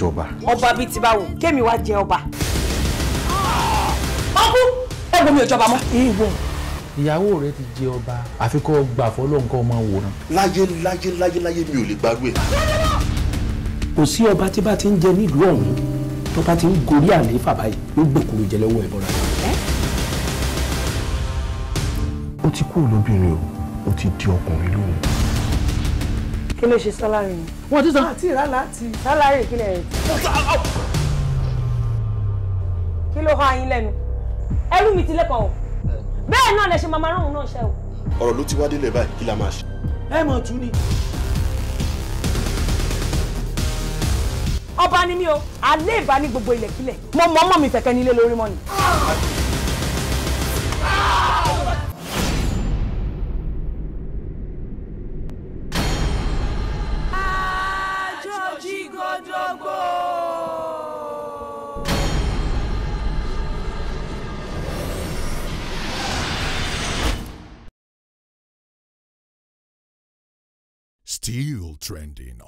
jọba. ọba bíi ti báwo kémi wá jẹ ọba. ọkú ẹ̀gbọ́n mi ò jọba mọ́. ìwọ ìyàwó rẹ ti jẹ ọba àfikọ́ gbà fọlọ́ nǹkan ọmọ wòran. láyé láyé láyé láyé mi ò lè gbàgbé. kò sí ọba tí bá ti ń jẹ nílùú ọ̀hún tó bá ti ń gorí àlééfà báyìí ló gbèkúrò jẹ lọ́wọ́ ẹ̀bọ̀ra. ó ti kúrò lóbìnrin o ó ti di ọkùnrin lóhùn kí ló ṣe sálárì mi. wọ́n ti sọ. àti ah, ìrálá ti. sálárì kí lè rè. kí ló hàn yín lẹ́nu ẹrú mi ti lẹ́kọ̀ọ́ bẹ́ẹ̀ náà lẹ ṣe máa máa rán òun náà ṣe o. ọ̀rọ̀ ló ti wá délé báyìí kí la máa ṣe. ẹ mọ̀ tún ni. ọba ni mí o àlè ìbá ní gbogbo ilẹ̀kílẹ̀ mo mọ̀ ọmọ mi fẹ̀kẹ́ nílé lórí mọ́ ni. still trending.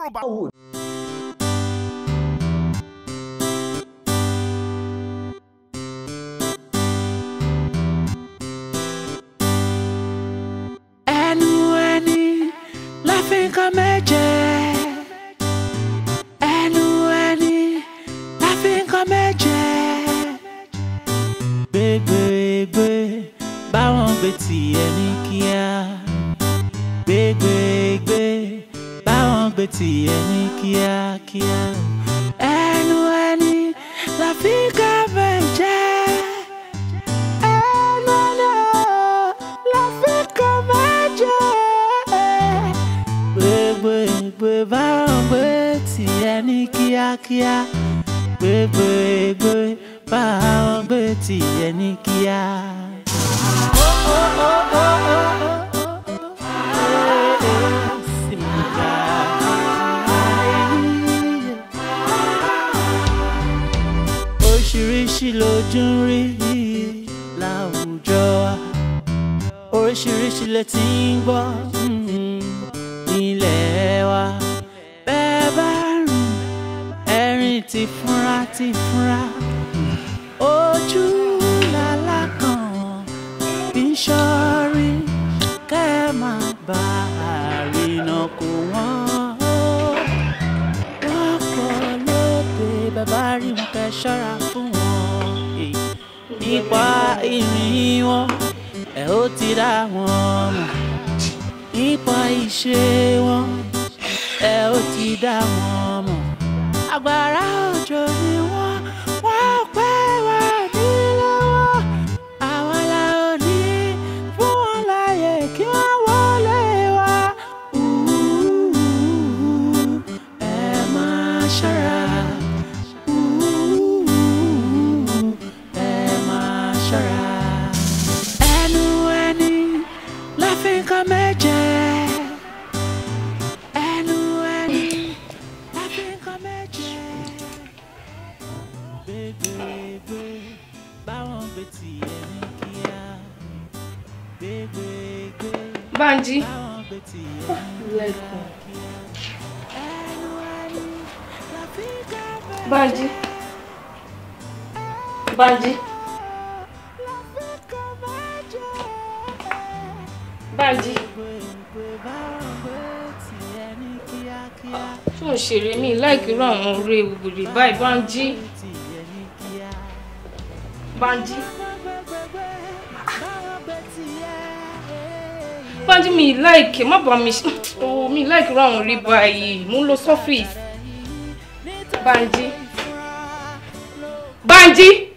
kíá gbégbégbé bá àwọn gbé tiẹ̀ ní kíá. oríṣiríṣi lójú ń rí láwùjọ oríṣiríṣi lè ti ń gbọ́ mm-hmm, nílẹ̀ wa. ti fúnra ti fúnra ojú làlá kan bí ń ṣọ́rí kẹ́ ẹ má bá àrìnà kó wọ́n wọ́n pọ̀ lóde bàbá rí wọn kẹ́ ṣọ́ra fún wọn nípa ìrìn wọn ẹ ó ti dá wọn mọ̀ nípa ìṣe wọn ẹ ó ti dá wọn. about a. bless him. Banji. Banji. Banji. Tó ń ṣeré mi láìkí rán àwọn orí ewúrẹ́ báyìí Banji. Banji. Bandi mi like má bá mi oh ooo mi láìkè ra àwọn rí báyìí mo ń lọ sọ́fíìsì. Bánjí.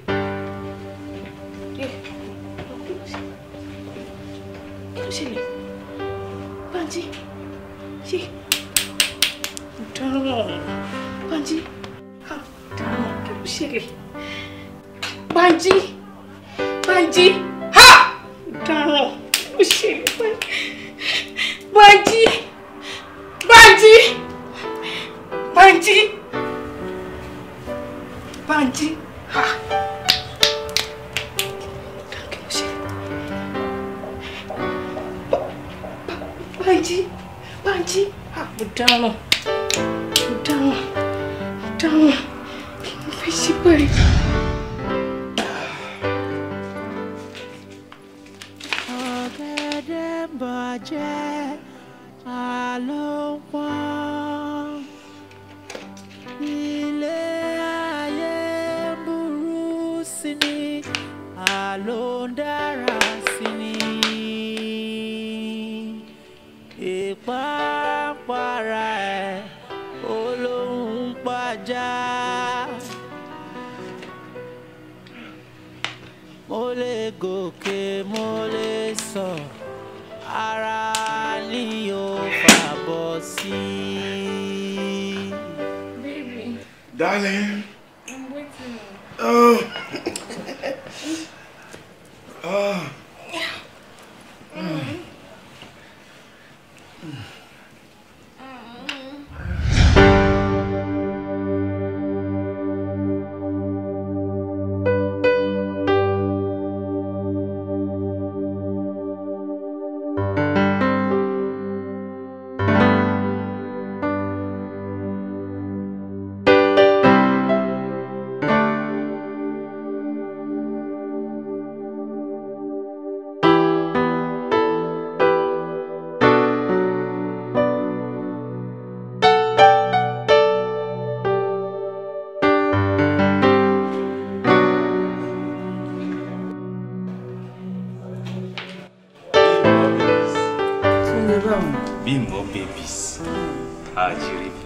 àjírí mi.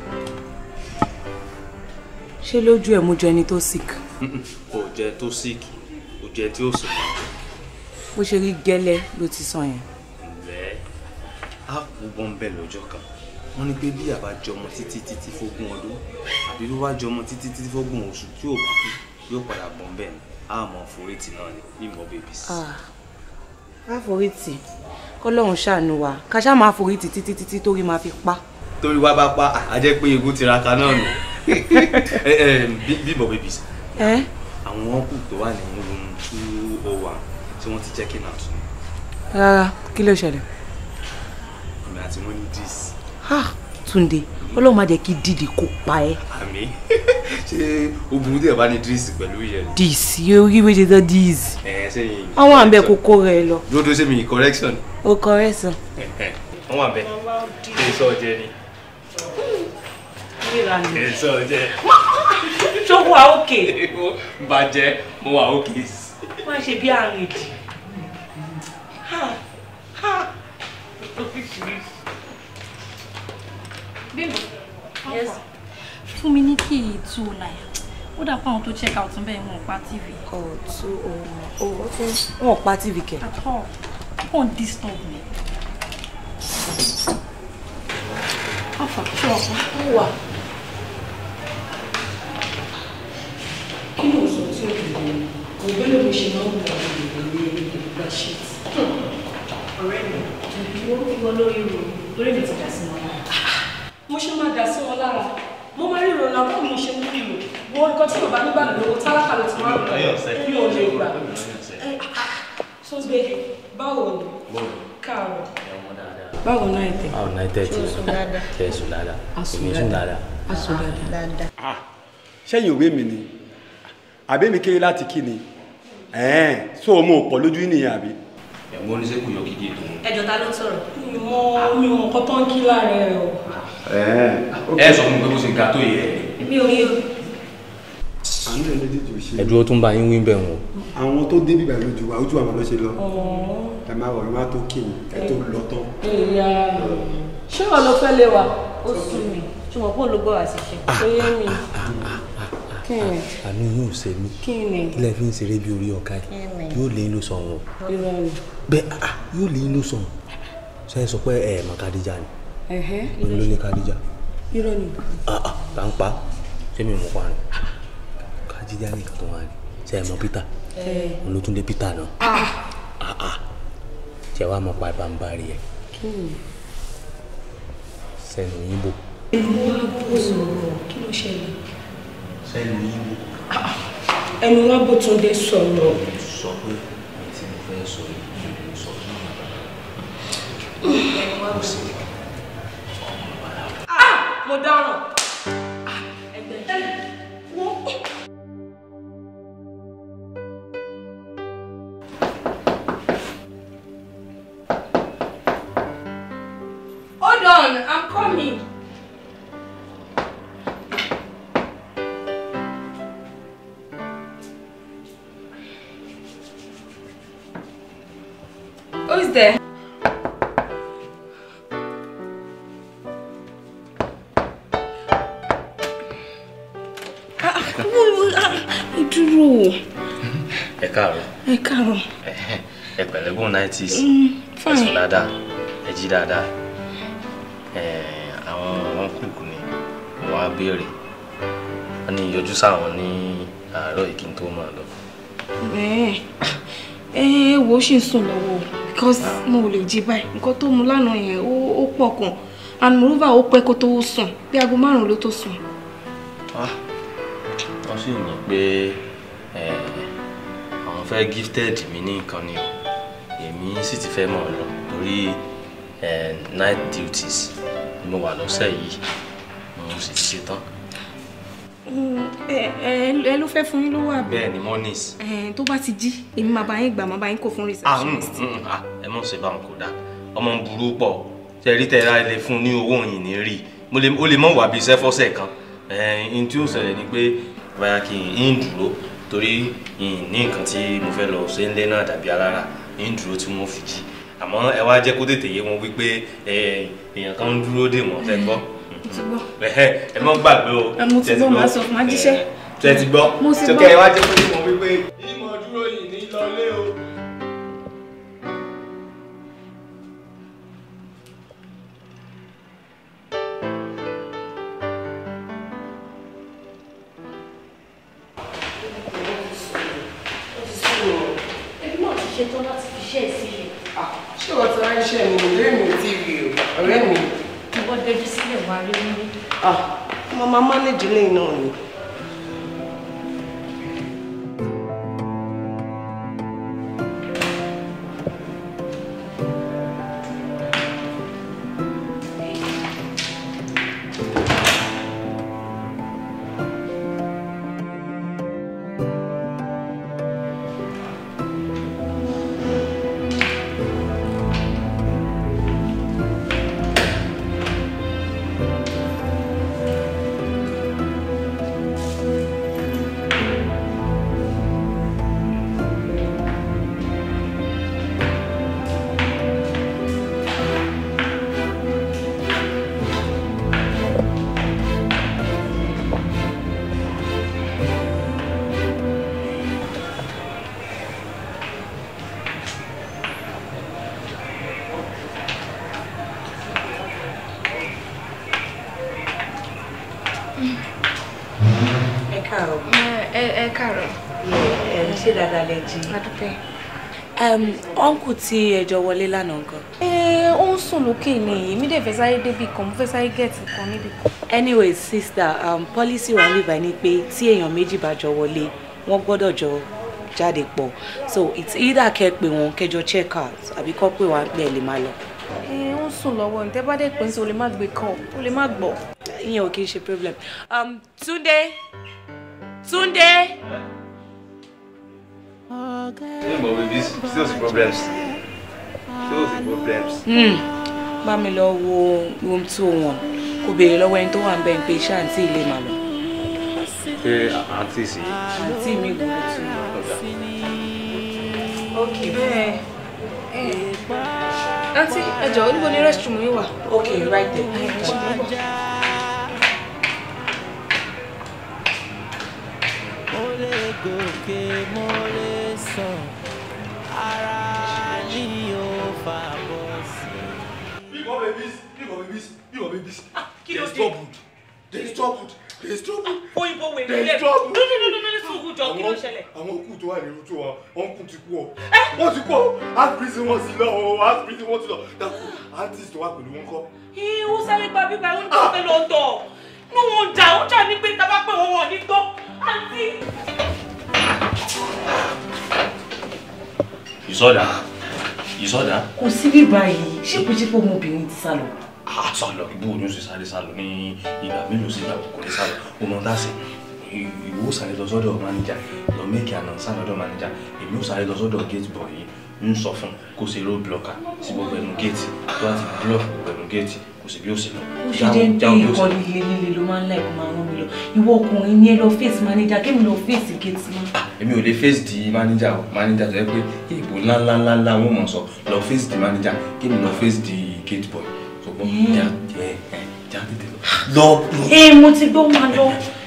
ṣé lójú ẹ̀ mo jẹ ẹni tó sick. ò jẹ tó sick ò jẹ tí ó sùn. bó ṣe rí gẹ́lẹ́ ló ti sàn yẹn. ǹlẹ́ á kú bọ́ńbẹ́ lọ́jọ́ kan wọ́n ní pé bí àbá jọmọ títí títí fógún ọdún àbí ló wá jọmọ títí títí fógún oṣù tí ò bá kú yóò padà bọ́ńbẹ́ ni á mọ̀ forítì náà ni bí mo bèbí sí ah, àforítì kọlọ́run ṣàánú wa ká máa forítì títí títí torí máa fi pa torí wá bá pa àjẹ́ pé egun tiraka náà nù eh, eh, bíbọ̀ babies eh? àwọn ọkù tó wà ní room two oh one tí wọ́n ti check in out. rárá kí ló ṣẹlẹ̀. èmi àti wọn ní dis. Túndé ọlọ́run má jẹ́ kí dídì kó pa ẹ́. àmì ṣé obìnrin tẹ̀ bá ní dis pẹ̀lú yẹn. dis orí wíjẹ tó dis. ẹ ṣe yìí. àwọn àbẹ kò kó rẹ lọ. lódò ṣe mi correction. o correction. àwọn àbẹ kí n sọ jẹ ni ẹ̀sọ́ jẹ́. tó wà òkè. bàjẹ́ mo wà òkè. má ṣe bí àrùn ìdì. fún mi ní kí ó dà fún àwọn tó check out bẹ́ẹ̀ wọn ò pa tv. ọ̀tún òun wọn ò pa tv kẹ. àtọ̀ wọn disturb me. ọ̀fà ṣọ̀ọ̀kan ó wà. kí ló sọ tí ó dìbò kò bẹ́ẹ̀ ló ṣe máa ń wà ìdìbò ní ìgbà ṣe. ọ̀rẹ́ mi ìwọ ìwọ lórí ro lórí mi ti dà sí wọn lára. mo ṣe máa dà sí wọn lára mo máa rí ìrònú àbúrò mo ṣe mú ìrò wọ nǹkan tí bàbá mi bá lò ó tálákà ló ti máa ń lò ní òde ìgbà. tó gbé báwo ni káàárọ̀. báwo náà ẹ tẹ. báwo náà ẹ tẹ tí sùn dáadáa. tẹ sùn dáadáa. asùn dáadáa. asùn dáadáa. sẹ́yìn ah, òwe mi ni àbí mi kéré láti kí ni ẹ̀ẹ́n so mo ò pọ̀ lójú nìyẹn àbí. ẹ̀gbọ́n oníṣẹ́ kò yọ kíkì tó. ẹjọ ta ló ń sọ̀rọ̀. mi mọ mi mọ nǹkan tó ń kí lára ẹ o. ẹ sọ fún mi pé kó ṣe ga tó yẹ. mi ò rí o. àánú tó ń bá yín wí bẹ̀ wọ́n. àwọn tó dé bíbá lójú wa ojú àwọn ló ṣe lọ. ẹ máa wọ̀ ẹ máa tó kí ni ẹ tó lọ tán. ṣé ọ̀ ló fẹ́ lé wa? ó sùn mí ṣùgbọ́n kó ló gbọ́ àánú yóò ṣe mí ilẹ̀ fi ń ṣeré bí orí ọ̀ka yìí yóò lè ló sọ̀rọ̀ bẹ́ẹ̀ ah, ah, yóò lè ló sọ̀rọ̀ ṣe é sọ pé ẹ̀ mọ̀ Kàdíjà ni òun ló ní Kàdíjà irọ́ ni ah, là ń pa ṣé mi mọ̀ pa ni Kàdíjà ni kàtó wa ni ṣe é mọ̀ Peter òun ló tún dé Peter náà ṣe wàá mọ̀ pa ìbámbárì ẹ̀ sẹ́nu yín bò. èmi wá bó sọ̀rọ̀ kí ló ṣẹlẹ̀ sẹ́nu yín ẹnu wọn bó tún dé sọ̀rọ̀. Ah! Ah! Hold on, I'm coming. is there? Ah, ah, dúró. ẹ káàárọ̀. ẹ káàárọ̀. ẹ pẹ̀lẹ́ gún nineties. Mm, fine ẹ̀sùn dáadáa ẹ jí dáadáa àwọn ọ̀nkùnkùn ni wọ́n á béèrè wọ́n ní yọjú sáwọn ní àárọ̀ yìí kí n tó máa lọ ẹ wo ṣì ń sùn lọ́wọ́ because mo ò lè jí báyìí nǹkan tó mu lánàá yẹn ó pọ̀ kan and moreover ó pẹ́ kó tó sùn bí aago márùn-ún ló tó sùn. Ah, wọ́n sì ní pé àwọn fẹ́ gifted mi ní nǹkan ni èmi sì ti fẹ́ mọ̀ lọ torí night duties ni mo wà lọ́sẹ̀ yìí mo sì ti ṣetán. Eh, eh, ẹ ló fẹ́ fún yín lówó àbí. bẹ́ẹ̀ ni monies. Eh, tó bá ti jí èmi máa bá yín gbà máa bá yín kó fún receptionist. Ah, mm, mm, mm, ah, ẹ mọ̀ ṣe bá wọn kó dáa ọmọ ń burú pọ̀ tẹ̀rí tẹ̀ra ẹ lè fún ní owó òyìn ní rí o lè mọ̀ wà bíi iṣẹ́ fọ́sẹ̀ kan ẹ̀ẹ́n tí ó ṣẹlẹ̀ ni pé báyà kí n dúró torí ní nǹkan tí mo fẹ́ lọ ṣe ń lé náà dàbí alára ń dúró tí wọ́n fi jí àmọ́ ẹ wá jẹ́ kó tètè yé wọn wípé èèyàn kan ń dúró dè wọ́n fẹ́ gbọ́ ti gbọ́. ẹ mọ gbàgbé o. mo ti gbọ́ màá sọ fún ajíṣẹ́. tẹ ti gbọ́. mo ti gbọ́. sọkẹ́ ẹ wá jẹ́ kó ní mọ ಜಿಲ್ಲೆ ಇನ್ನೂ ọ̀nkù tí ẹjọ́ wọlé lánàá nǹkan. ẹ ó ń sùn lókè ni èmi dẹ̀ fẹ́ sáré débi kan mo fẹ́ sáré gẹ̀ẹ́tì kan níbi kan. anyway sister um, policy wa níbà ni pé tí èèyàn méjì bá jọ wọlé wọ́n gbọ́dọ̀ jọ jáde pọ̀ so it's either kẹ́ pé wọn kẹjọ check out àbí kọ́ pé wọn pẹ́ lè máa lọ. ẹ eh, ó ń sùn lọ́wọ́ ní tẹ́bá dẹ̀ pé ń sọ o lè má gbé kan o lè má gbọ́. ìyẹn ò kì í ṣe problem. Um, Túndé Túndé. Yeah. Anyway, still the problems. Still the problems. Hmm. Bá mi lọ wo room 201. Kó béèrè lọ́wọ́ ẹni tó wà ń bẹ̀ pé iṣẹ́ àǹtí ilé màá lọ. Pé àǹtí sí. Àǹtí mi gbòòrò tún. Ókè bẹ́ẹ̀. Àǹtí ẹ̀jọ̀ níbo ni restroom yìí wà? Okay, right there. gòkè mo lè ara ni ó fà bọ́ sí. bíbọ̀ babies bíbọ̀ babies bíbọ̀ babies there is trouble there is trouble there is trouble òyìnbó wèrè there is trouble no no no no no sùúrù jọ kí ló ṣẹlẹ̀. àwọn òkú tó wà nínú tó wa wọn kú ti kú ọ eh, wọn ti kú ọ àpìrìsì wọn sí lọ ọ àpìrìsì wọn ti lọ dàkú àtìsì tó wà pẹ̀lú wọn kọ́. ìwọ sáré gba bíbá ìwọ ní kí wọn fẹ́ lọ tọ̀ ní wọn jà ó jà ní pé tá a ní gbọ́ àǹtí ìsọdà ìsọdà. kò sí bí báyìí ṣé kò ṣe pé ọmọbìnrin ti sá lọ. a ah, sá lọ ibú oyún sì sáré sá lọ ní ìgbà mélòó sí ìgbà kò lè sá lọ òun ọ̀dà sí ìwọ sáré lọ sọ́dọ̀ máníjà lọ mẹ́kì àná sáré máníjà èmi ò sáré lọ sọ́dọ̀ gate boy yìí ń sọ fún kó ṣe road blocker sí gbogbo ẹnu gate tó bá ti block gbogbo ẹnu gate sí bí ó sì lọ. ó ṣe jẹ́ pé ìkọlù ilé líle ló máa ń láì kó máa rán mi lọ ìwọ ọkùnrin ni ẹ lọ fèsì mánéjà kémi lọ fèsì kéètì mọ́. Ah, èmi ò lè fèsì di mánéjà o mánéjà tó yẹ pé ìbò ńláńláńlá wọn mọ̀ sọ lọ fèsì di mánéjà kémi lọ fèsì di gate boy ṣùgbọ́n já tètè lọ. ẹ mo ti gbọ́ máa lọ.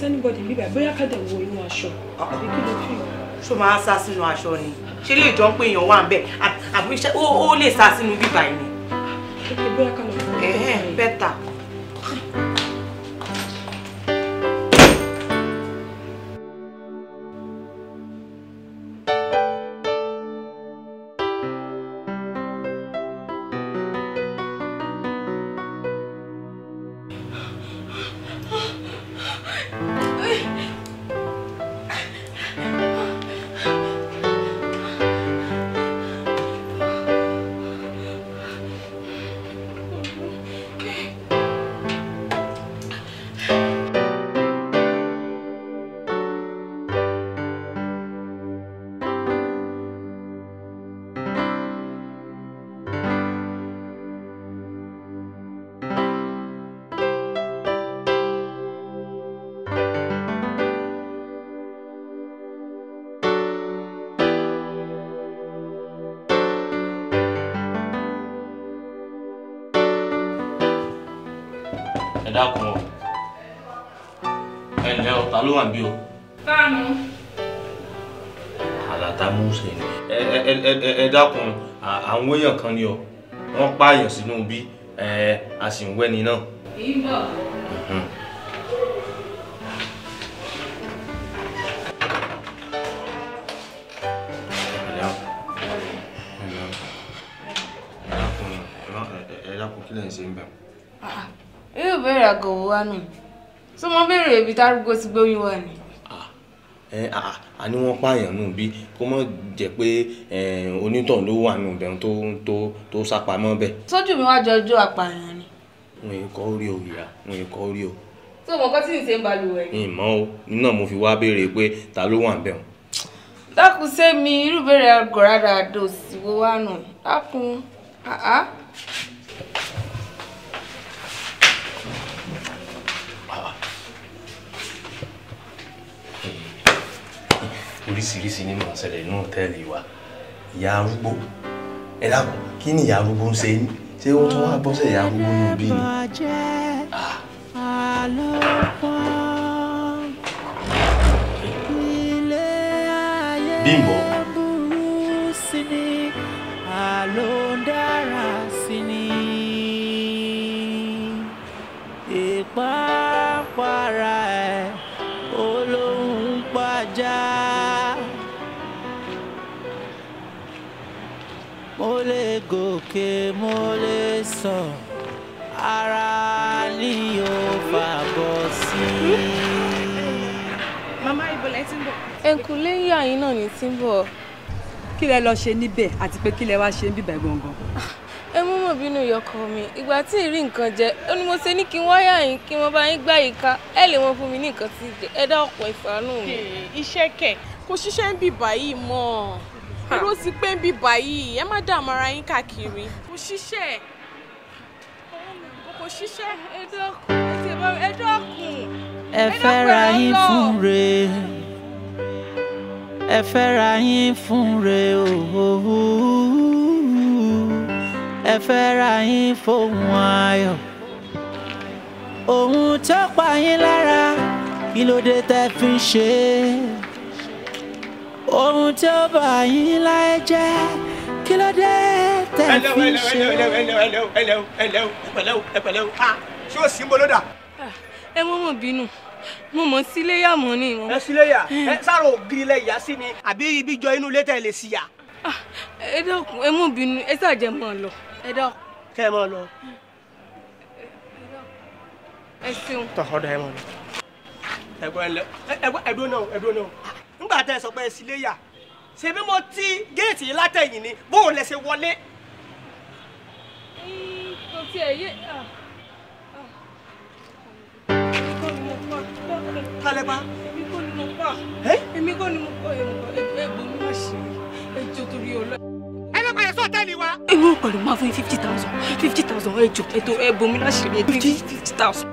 sẹ́nibọ̀dì bíbẹ̀ bóyá kẹ́tẹ̀ wo inú aṣọ àbí kí ló fi. ṣó máa sá sínú aṣọ ni ṣé lè jọ ń pé èèyàn wà ń bẹ àbí ó lè sá sínú bíbá yìí wà bí o. báàmù. àlàtà mùsè ni ẹ dákun àwọn èèyàn kan ni o wọ́n pààyàn sínú bí a sì ń wẹ́ni náà. èyí ń bọ̀. Mhm. ẹ dákun kí lẹ́yìn ṣe ń bẹ̀rù. irú ìbéèrè àgọ̀wò wa nù so mo béèrè ibi tárúgbó ti gbóyún wá ni. Ah, ah, a ní pààyàn nù bí kó mọ̀ jẹ́ pé onítàn ló wà nù bẹ́ẹ̀ tó tó tó sápamọ́ bẹ́ẹ̀. sójú mi wá jọjú àpààyàn ni. wọn èkó orí o ìyá wọn èkó orí o. tó mọ kọ́tí ní ṣe ń balùwẹ̀. ìmọ̀ o iná mo fi wá béèrè pé ta ló wà bẹ́ẹ̀ dákun sẹ́mi irú bẹ̀rẹ̀ àdó sí wo wà nù dákun. oríṣiríṣi ní ṣẹlẹ̀ inú òtẹ́ẹ̀lì wa ìyá arúgbó ẹ dákun kí ni ìyá arúgbó ń ṣe yín ṣé ó tún wá bọ́sẹ̀ ìyá arúgbó nù bí ni. Ah. Bímbọ́. Bye. gòkè mo lè sọ ara ni yóò fàbọ̀ sí i. màmá ibo lẹ ti ń bọ̀. ẹnkùnlé yà yín náà ní tí ń bọ̀. kí lẹ lọ ṣe níbẹ̀ àti pé kí lẹ wá ṣe ń bíbẹ̀ gangan. ẹ mú mọ̀ bínú yọkọ mi ìgbà tí ì rí nǹkan jẹ ó ní mo ṣe ní kí n wáyà yín kí mo bá yín gbá yìí ká ẹ lè wọn fún mi ní nǹkan tí ẹ dá ọ̀pọ̀ ìfàánú mi. iṣẹ́ kẹ̀ kò ṣiṣẹ́ ń bì báyìí mọ́ ọ irú ti pé ń bí báyìí ẹ má dààmú ara yín káàkiri. mo ṣiṣẹ́ kò ṣiṣẹ́ ẹ̀dọ́kùn. ẹ fẹ́ra yín fún re ẹ fẹ́ra yín fún re òhòhò ẹ fẹ́ra yín fóun ayọ̀ ohun tó pa yín lára kí ló dé tẹ́ fi ṣe é ohun tí ó bà yín láyé jẹ́ kí ló dé tẹ̀ fi ṣe. ẹlẹ́ o ẹlẹ́ o ẹpẹ̀lẹ́ o ẹpẹ̀lẹ́ o ṣé o sì ń bolódà. Ah, ẹ mọ́ mọ̀ bínú mo mọ̀ síléyà mọ́ ni. ẹ síléyà eh. ẹ sáré ògiri lẹ ìyá sí ni àbí ibi jọ inú ilé tẹ̀ lè sí yà. Ah, ẹ dákun ẹ mọ̀ bínú ẹ sàjẹ́ mọ́ lọ ẹ dákun. kẹ́ ẹ lọ. Eh, ẹ ṣeun. tọ́ ọ̀dọ̀ ẹ mọ́ ọ lọ. ẹ̀gbọ́n náà ẹ̀dúró náà ńgbà tẹ́ ẹ sọ pé ẹ sílé yà ṣebí mo ti géètì yìí látẹ̀yìn ni bóun lẹ ṣe wọlé. kò èmi kò ní mo pa èmi kò ní mo pa ẹ̀bù mi má ṣe ẹjọ́ torí ọlọ́. ẹ lọ pẹ̀lú máa fún fifty thousand fifty thousand ẹjọ́ ètò ẹ̀bù mi láṣìírí fifty thousand.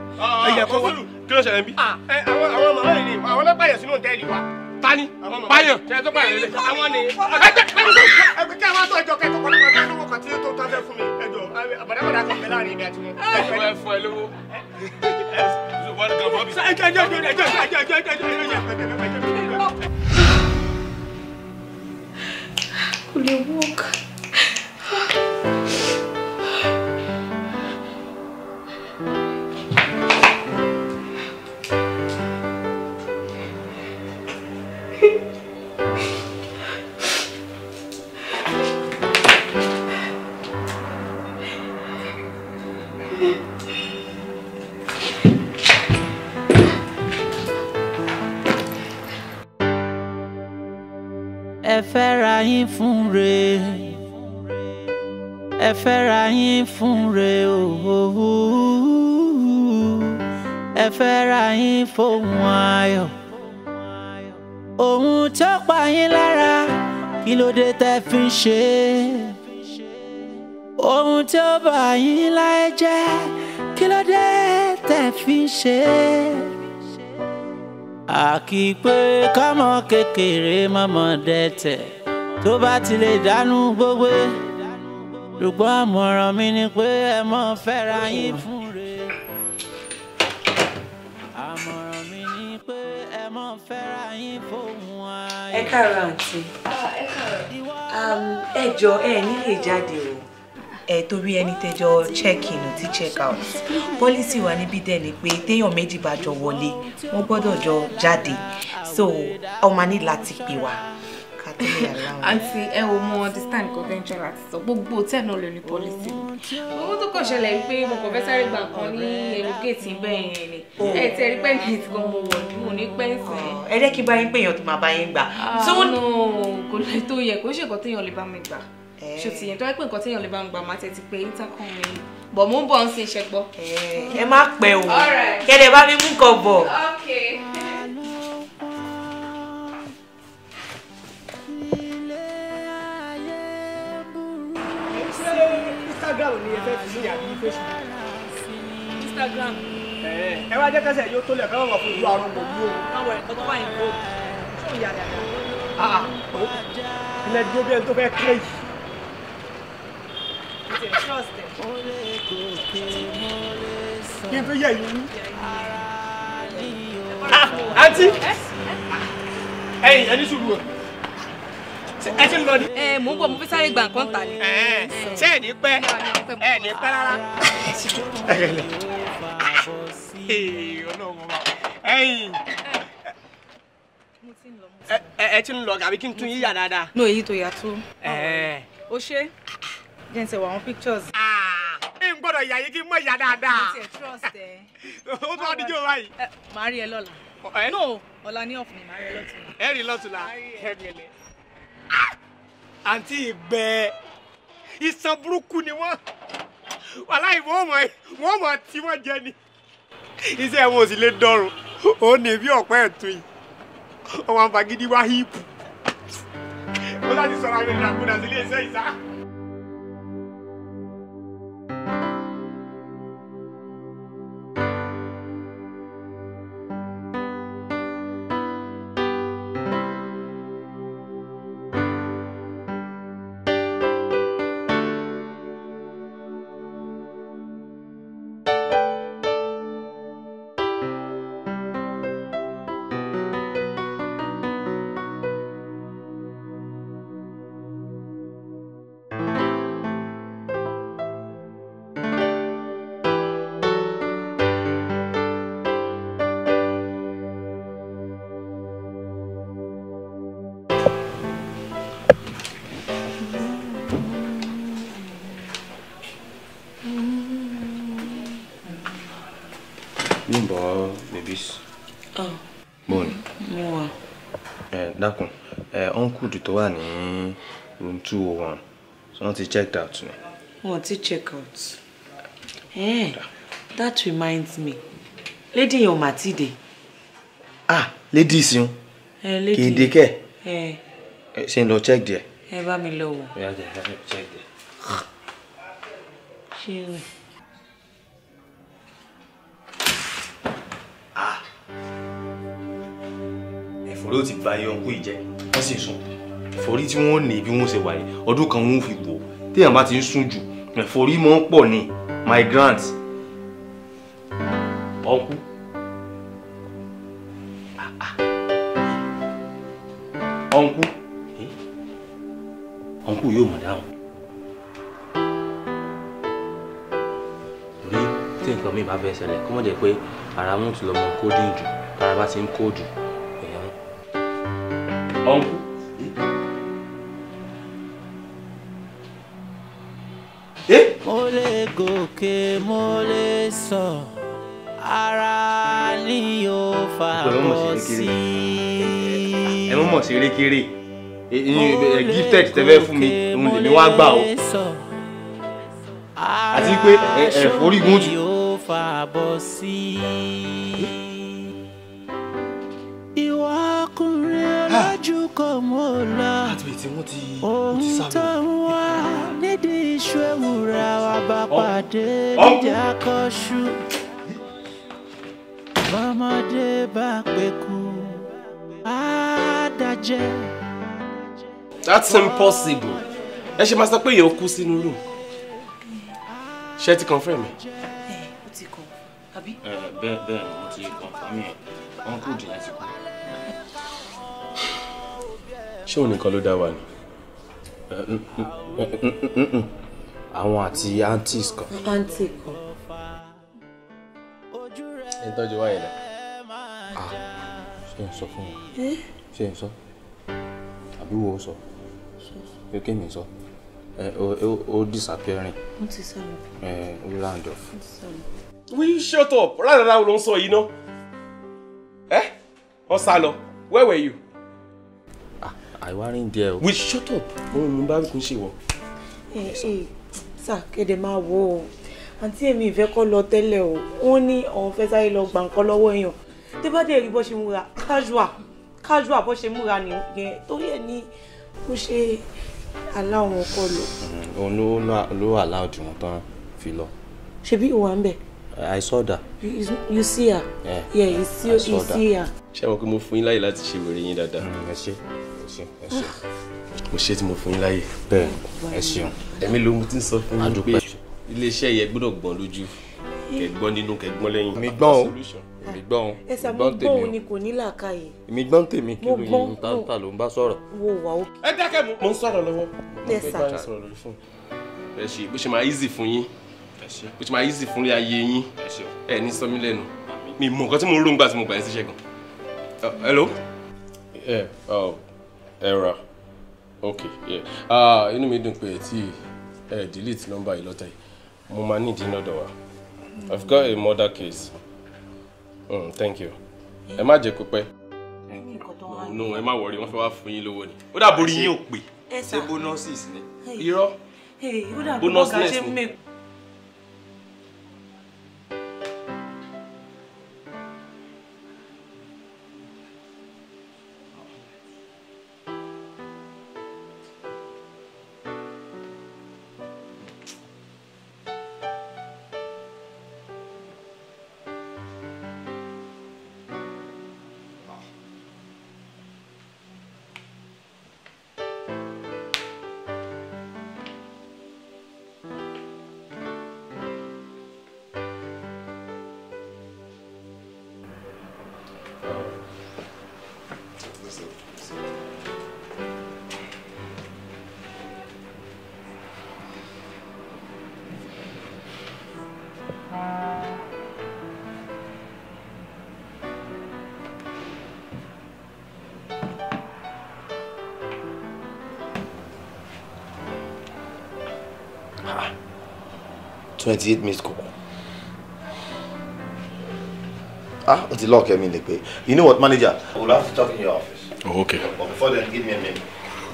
ẹ̀yà kọ́kọ́ kí ló ṣẹlẹ̀ ń bí. àwọn màmá yìí ni àwọn ọlọ́pàá yẹn sínú tẹ́lẹ̀ wa tani báyọ̀ tẹ tó báyọ̀ fẹ́ra yín fún re ẹ fẹ́ra yín fún re òhòhò ẹ fẹ́ra yín fóun ayọ̀ ohun tó pa yín lára kí ló dé tẹ́ fi ń ṣe ohun tó bà yín láyé jẹ́ kí ló dé tẹ́ fi ń ṣe àkìpé kámọ́ kékeré mọ́mọ́ dẹ́tẹ̀ tó bá ti lè dánú gbogbo e, ṣùgbọ́n àmọ̀ràn mi ni pé ẹ mọ̀ fẹ́ra yín fún re àmọ̀ràn mi ni pé ẹ mọ̀ fẹ́ra yín fóun ayé. ẹ káàárọ̀ àǹtí um, ẹ jọ ẹ nílé jáde o ẹ torí ẹni tẹjọ check in ti check out pọ́lísì wa níbí dẹ̀ ni pé téèyàn méjì bá jọ wọlé wọ́n gbọ́dọ̀ jọ jáde so ọmọ ní láti pè wá. àǹtí ẹ ò mọ understand convention láti sọ gbogbo tẹ̀ náà ló ní policy owó tó kàn ṣẹlẹ̀ pé mo kàn fẹ́ sáré gbà kan ní ẹnu géètì bẹ́ẹ̀ yẹn ni oh. ẹ tẹ rí pẹ́ǹtì kan mo wọ̀ ní mo ní pẹ́ǹtì yẹn. Oh, ẹ jẹ́ kí báyìí péyàn tó máa bá yín gbà. àánú ah, kò lè tó yẹ kó ṣe nǹkan téèyàn lè bá mi gbà eh. ṣó ti yẹn tó yẹ pé nǹkan téèyàn lè bá mi gbà máa tẹ̀sí pé intercom mi bọ̀ mo bọ̀ ń sin iṣẹ́ gbọ́. Eh, ẹ má pẹ́ o kẹ́lẹ́ bá mi mú kan bọ̀. okay. instagram ni ẹ fẹ́ fi sí àbí facebook. instagram. ẹ wá jẹ́ kẹsẹ̀ yóò tó lẹ̀ káwọn wà fún ìlú àrùn kò yóò. káwọn ẹ̀kọ́ tó wà ní kó tó yà dàda. àà ó ilẹ̀ dúró bí ẹni tó fẹ́ kẹ́ yìí. kí n tó yẹ yìí. àǹtí ẹ̀yin ẹni sùúrù o ẹ ti lọ ni. ẹ mò ń bọ̀ mo fi sáré gbà nǹkan tà ni. ṣé ẹ ní pẹ́ ẹ ní pẹ́ rárá. ẹ̀yin ẹ ti ń lọ àbí kí n tún yíyà dáadáa. no èyí tó yàtọ̀. o ṣe jẹ́ n ṣe wà àwọn pictures. ẹ ń gbọ́dọ̀ yà yìí kí n mọ̀ yà dáadáa. o tún ọdíjọ́ báyìí. màá rí ẹ lọ́la. no ọ̀la ní ọ̀fun màá rí ẹ lọ́tùnla. ẹ rí lọ́tùnla ẹ gbẹ̀lẹ̀. àǹtí ìgbẹ́ isan burúkú ni wọ́n wàláì wọ́n mọ̀ wọ́n mọ̀ tí wọ́n jẹ ni iṣẹ́ wọn ò sì lè dọ̀rùn ó ní bí ọ̀pẹ́ ẹ̀tún yìí ọmọ àǹfààní gidi wá híìpù ó láti sọ̀rọ̀ àwọn ènìyàn àkúdà sílé iṣẹ́ ìsá. tó wà ní room two oh one so wọ́n ti checked out ni. wọ́n ti check out. Eh, that reminds me lady yẹn ò mà ah lady ìsìn eh, kì í dé kẹ́ ẹ̀ eh. eh, ṣe ń lọ check there. ẹ bá mi lọ wò. ẹ bá mi check there. ṣé rẹ̀. Ah. ẹ̀fọ́ ló ti ba iye ọkú ìjẹ́ wọ́n sì sùn ẹ̀fọ́rí tí wọ́n ní bí wọ́n ṣe wáyé ọdún kan wọ́n fi wò téèyàn bá ti ń sùn jù ẹ̀fọ́rí mọ́ ń pọ̀ ní migrant ọkú. ọ̀nkú ọ̀nkú yóò mọ̀ dáhùn torí tí nǹkan mi bá fẹ́ ṣẹlẹ̀ kó jẹ́ pé ara wọn ti lọ mọ kódì jù tára bá ti ń kódì ẹ̀yàn ọ̀nkú. mo goke gòkè mo lè sọ ara ni yóò fàbọ̀ sí. ẹ mọ̀ sí erékeré gifted tẹ́fẹ́ fún mi òun lèmi wá gbà o àti pé ẹ forígun jù. ìwà ọkùnrin alájú kò mọ̀ ọ́ la ohun tó ń wá iṣu ewúra wa bá pàdé níjà kọ́ṣú bọ́mọdé bá pẹ̀kú àádájẹ́. that's impossible ẹ ṣe máa sọ pé èèyàn kú sínú room ṣé confirm ẹ. ẹ ó ti kọ àbí. ẹ bẹ́ẹ̀ bẹ́ẹ̀ mo ti confirm ẹ uncle jìnnà ti kú. ṣé òun nìkan ló dá wa ni àwọn àti aunties kan. auntie kan. ẹ tọ́jú wáyé rẹ̀. ah ṣé n sọ fún wọn ṣé n sọ àbí wo sọ pé kémi sọ ó disappearing. ó ti sọ̀rọ̀. ẹ ó round off. ó ti sọ̀rọ̀. will you shut up rárá ló ń sọ yìí náà ẹ ọ sá lọ where were you Ah, àìwárí ń di ẹ o. you shut up. mo ń mú bábí kún ṣe wọ. ẹ ẹ sà kéde máa wò ó àǹtí èmi ìfẹ́ kọ́ lọ tẹ́lẹ̀ o wọ́n ní ọ̀hún fẹ́ sáré lọ gbà nǹkan lọ́wọ́ èèyàn tẹ bá dé rí bó ṣe múra casual casual bó ṣe múra nìyẹn torí ẹ̀ ní mo ṣe aláwọn ọkọ lò. òun ló ló aláwọ̀ tí wọ́n tán fi lọ. ṣebí ìwà ń bẹ̀. I saw that. You, see her? Yeah, yeah you see, you see her. Ṣé àwọn pé mo fún yín láyè láti ṣe wèrè yín dáadáa? Ẹ ṣé, ẹ ṣé, ẹ ṣé. Ah mo ṣe tí mo fún yín láyè. bẹ́ẹ̀ ẹ ṣeun. ẹ̀mí ló mo ti ń sọ fún yín pé iléeṣẹ́ yẹn gbọ́dọ̀ gbọ́n lójú kẹgbọ́n nínú kẹgbọ́n lẹ́yìn. mi gbọ́n o mi gbọ́n o ẹ̀sà mo gbọ́n o ni kò ní làákàyè. mi gbọ́n tèmi kí ló yin tàǹtà ló ń bá sọ̀rọ̀. wo wà ó. ẹ dákẹ́ mo. mo ń sọ̀rọ̀ lọ́wọ́. ẹ̀sà ẹ ṣe bó ṣe máa easy fún yín bó ṣe máa easy fún rí ayé yín ẹ ní sọmí lẹ́nu mi mọ nǹkan tí mo rò ń gbà tí mo gbà yín síṣẹ́ gan. hello. ẹ ẹ ra ok yeah ah, inú mi dùn pé ẹ ti ẹ delete number yìí lọ́tẹ̀ yìí mo máa ní ìdí náà I've got a murder case mm, thank you ẹ má jẹ́ kó no ẹ má wọrí wọ́n fẹ́ wá fún yín lówó ni ó dà borí yín ò pé ṣe bonuses ni irọ́ bonuses ni. twenty eight missed call. Ah, the lock I mean, like, you know what, manager? We'll have to talk in your office. Oh, okay. But before then, give me a minute.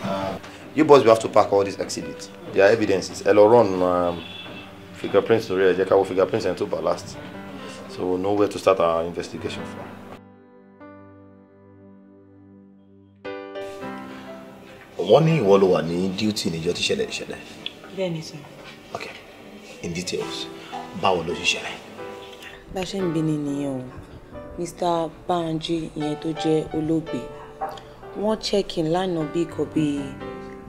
Uh, you boys will have to pack all these exhibits. There are evidences. eloron, run um, fingerprints to real. Check fingerprints and two last. So we'll know where to start our investigation from. wọ́n ní ìwọ ló duty níjọ́ tí ṣẹlẹ̀ ṣẹlẹ̀. Then, sir. okay in details báwo ló ṣe ṣẹlẹ̀. bá ṣe ń bi ni nìyẹn o Mr. Banji ìyẹn tó jẹ́ olóògbé wọ́n check in lánàá bí kò bíi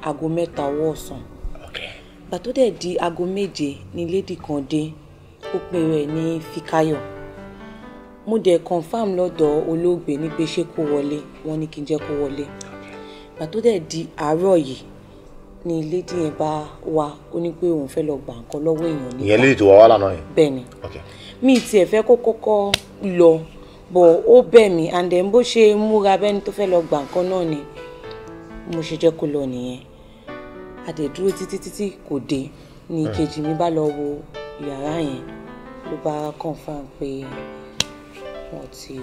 aago mẹ́ta ọwọ́ ọ̀sán gbàtó dẹ̀ di aago méje ni lady kan dé ó pe rẹ̀ ní Fikayo mo dẹ̀ confam lọ́dọ̀ olóògbé ní pé ṣé kó wọlé wọ́n ní kí n jẹ́ kó wọlé gbàtó dẹ̀ di àárọ̀ yìí ni lady yẹn bá wa ó ní pé òun fẹ́ lọ gbà nǹkan lọ́wọ́ èèyàn níta ìyẹn lady tó wà wà lánàá yẹn bẹ́ẹ̀ ni mi tiẹ̀ fẹ́ kó kọ́kọ́ lọ bọ̀ ó bẹ̀ mí and then bó ṣe múra bẹ́ni tó fẹ́ lọ gbà nǹkan náà ni mo ṣe jẹ́ kó lọ nìyẹn àdẹ̀dúró títí títí kò dé ni hmm. kejì mi bá lọ wo yàrá yẹn ló bá confam pé wọ́n ti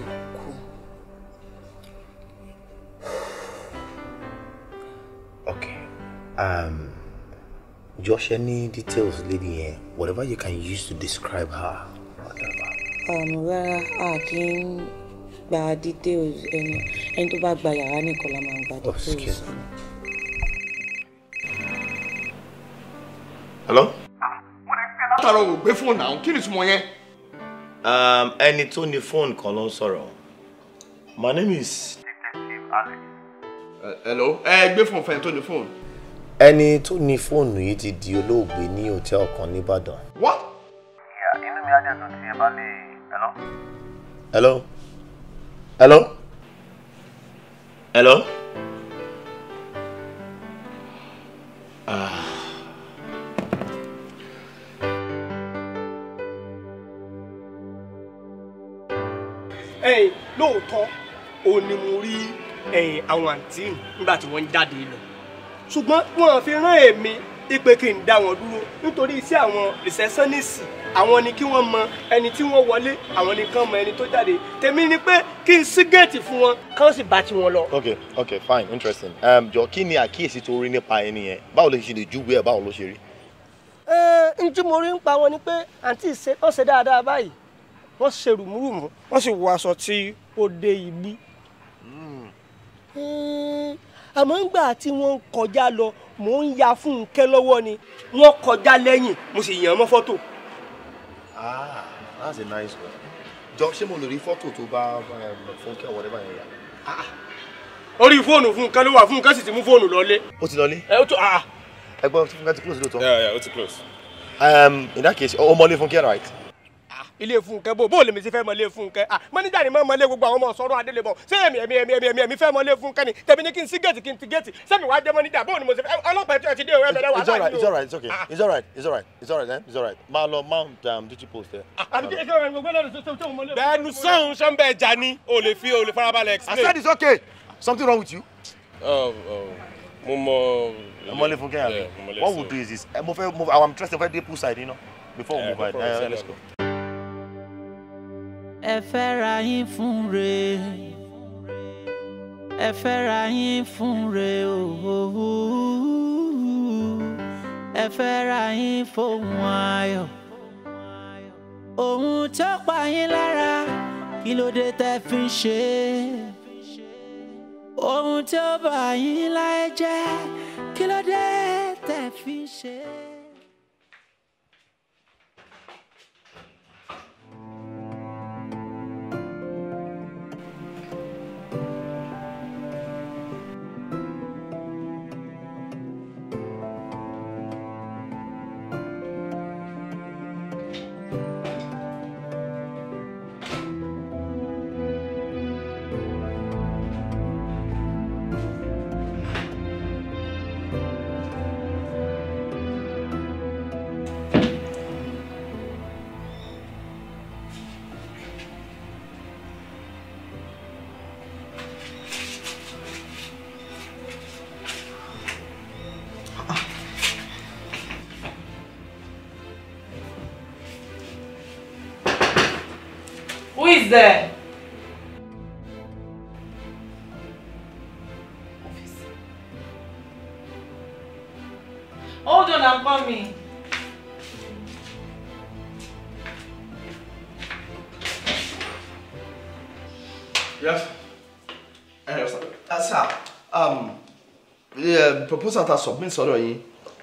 kú. Um, Josh, any details, lady yẹn, whatever you can use to describe her, Um, rárá, I can. í details ẹni ẹni tó bá gba yàrá nìkan la máa oh, Hello? Látàrọ̀ ò gbé fóònù àwọn kí ni túmọ̀ yẹn? Um, ẹni tó ní fóònù kan ló ń My name is... Detective Alex. Uh, hello? Ẹ eh, gbé phone. fẹ́ni tó ní ẹni tó ní fóònù yìí ti di olóògbé ní hòtẹ́ẹ̀lì kan nìbàdàn. what. ìyá inú mi á jẹ́ tó ti ẹ bá lè. hello. hello. hello. hello. ah. lóòótọ́ òun ni mo rí eh, àwọn àǹtí nígbà tí wọ́n ń jáde lọ ṣùgbọ́n wọn fi rán èmi ìpè kí n dá wọn dúró nítorí iṣẹ́ àwọn rìsẹ́sọ́nìsì àwọn ni kí wọ́n mọ ẹni tí wọ́n wọlé àwọn ni kán mọ ẹni tó jáde tèmi ni pé kí n sí géètì fún wọn kán sì bá tiwọn lọ. ok ok fine interesting um, jọ kí ni àkíyèsí tó rí nípa ẹni yẹn báwo ló ṣe lè júwe ẹ báwo ló ṣe rí. n tí mo rí ń pa wọn ni pé àǹtí ṣe ó ṣe dáadáa báyìí wọ́n ṣe rùmùrùmù wọ́n sì wọ aṣọ tí ó dé ibi. Hmm àmọ́ ńgbà tí wọ́n ń kọjá lọ mò ń ya Fúnkẹ́ lọ́wọ́ ni wọ́n kọjá lẹ́yìn mo sì yàn án mọ́ fọ́tò. ah that's a nice one jọ ṣé mo lè rí fọ́tò tó bá um, Fúnkẹ́ ọ̀wọ́ nígbà yẹn yà. orí fóònù Fúnkẹ́ ló wà Fúnkẹ́ sì ti mú fóònù lọlé. ó ti lọlé. ẹ ó tó ah, ah. ẹgbọ́n Fúnkẹ́ ti close lóòótọ́. yeah yeah ó ti close. Um, in that case ọmọlé Fúnkẹ́ right ilé fúnkẹ́ bò bó lèmi ti fẹ́ mọ ilé fúnkẹ́ à ah, ni mo mọ gbogbo àwọn ọmọ sọ́rọ́ adélé bọ̀ ṣé èmi èmi èmi èmi èmi fẹ́ mọ ilé ni tẹ̀mí ní kí n sí gẹ̀ẹ́tì kí n ti gẹ̀ẹ́tì sẹ́mi wá jẹ́ mọ́níjà bó ni mo ti fẹ́ ọlọ́pàá ẹ̀ ti dé ìwé ẹ̀bẹ̀rẹ̀ wàhálà yìí o. it's alright it's okay ah. it's alright it's alright it's alright eh? it's alright máa lọ mount um, duty post eh? ah, ẹ. bẹ́ẹ̀ni sọhun sọmbẹ ẹja ni o lè fi o lè farabalẹ̀ explain. I said it's okay something wrong with you. Uh, mọ. ọmọlé fúnkẹ́ what we do is this eh, mo fẹ́ I'm interested mo fẹ́ dé side you know before we move on eh, let's go ẹ fẹ́ ra yín fún re ẹ fẹ́ ra yín fún re òhòhò ẹ fẹ́ ra yín fóun ayọ̀ ohun tó pa yín lára kí ló dé tẹ́ fi ń ṣe ohun tó bà yín láyé jẹ́ kí ló dé tẹ́ fi ń ṣe. Uh, sir um proposal ta submit sọ́dọ̀ yín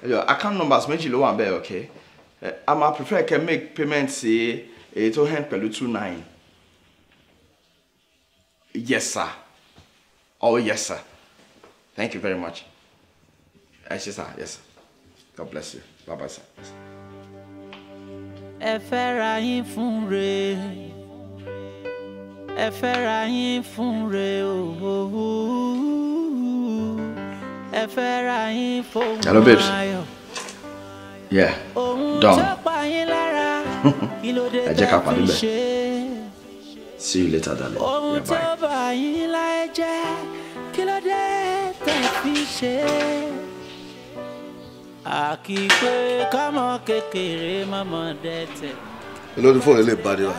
your account numbers méjì ló wà ń bẹ̀ okay uh, a prefer can make payment sí èyí tó hand pẹ̀lú two nine yes sir oh yes sir thank you very much Yes eh, sir yes sir god bless you bye bye sir. ẹ ẹ fẹ́ra yín fún re òwò ẹ fẹ́ra yín fún ayọ̀. Yeah, done. ẹ jẹ́ ká pàdé bẹ́ẹ̀. See you later, darling. Yeah, bye. àkìpé kámọ kékeré mọmọ dẹtẹ. olórí fóònù lè bá dé wa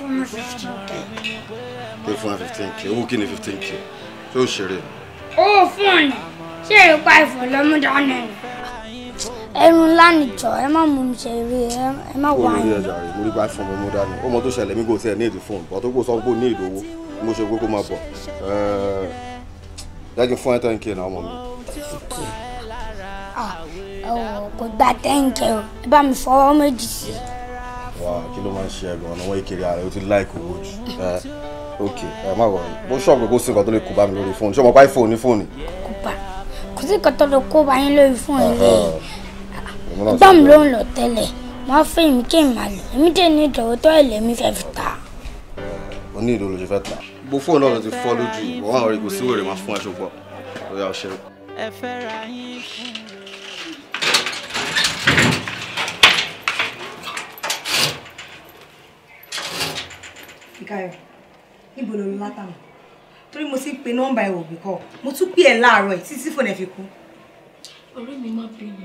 fún ní fifteen k. pé fún fifteen k owó kí ni fifteen k ṣé o ṣeré. owó fún ọyàn ṣé ìpa ìfọ̀lọ́múdá náà ẹrù ńlá nìjọ ẹ má mú mi ṣeré ẹ má wá yín. olórí ẹja rẹ mo rí bá fún mi mú dání ó mọ tó ṣẹlẹ̀ mi kò tiẹ̀ ní èdè fóònù bọ́tò kò sọ pé ó ní èdè owó mo ṣe pé kó máa bọ̀ jẹ́ kí n fún ẹ ten k náà ọmọ mi. ọ̀ ah, kò gba ten k ẹ bá mi fọwọ́ méjì sí i wà kí ló máa ń ṣe ẹ̀gbọ́n ọ̀nà wọ́n ìkiri ààrẹ ó ti láìkò owó jù ok ẹ má wọrí mo ṣọ́ọ̀bù kó sí nǹkan tó lè kó bá mi lórí fóònù ṣọ́ọ̀mù pa iPhone ní fóònù. kò bá kò sí nǹkan tó lè kó bá yín lórí fóònù rẹ̀ gbọ́n mi ló ń lọ tẹ́lẹ̀ mo á fẹ́ mi kí n má lè èmi dé ní ìdòwò tó ẹ̀ lẹ́mí fẹ́ fi ta. o ní ìdòwò ló ṣe fẹ́ ta gbogbo fóònù náà ti fọ́ lójú ìwọ̀n àwọn ọ̀rẹ́ kò sí máa fún ẹ ṣùgbọ́n ó yà ẹ fẹ́ ra yín fún mi. Fikayo níbo ló lọ torí mo ti pe nọ́mbà ẹ̀ òbí kọ mo tún pè ẹ́ láàárọ̀ ẹ̀ títí fòun ẹ̀ fi kú. ọ̀rẹ́ mi má bínú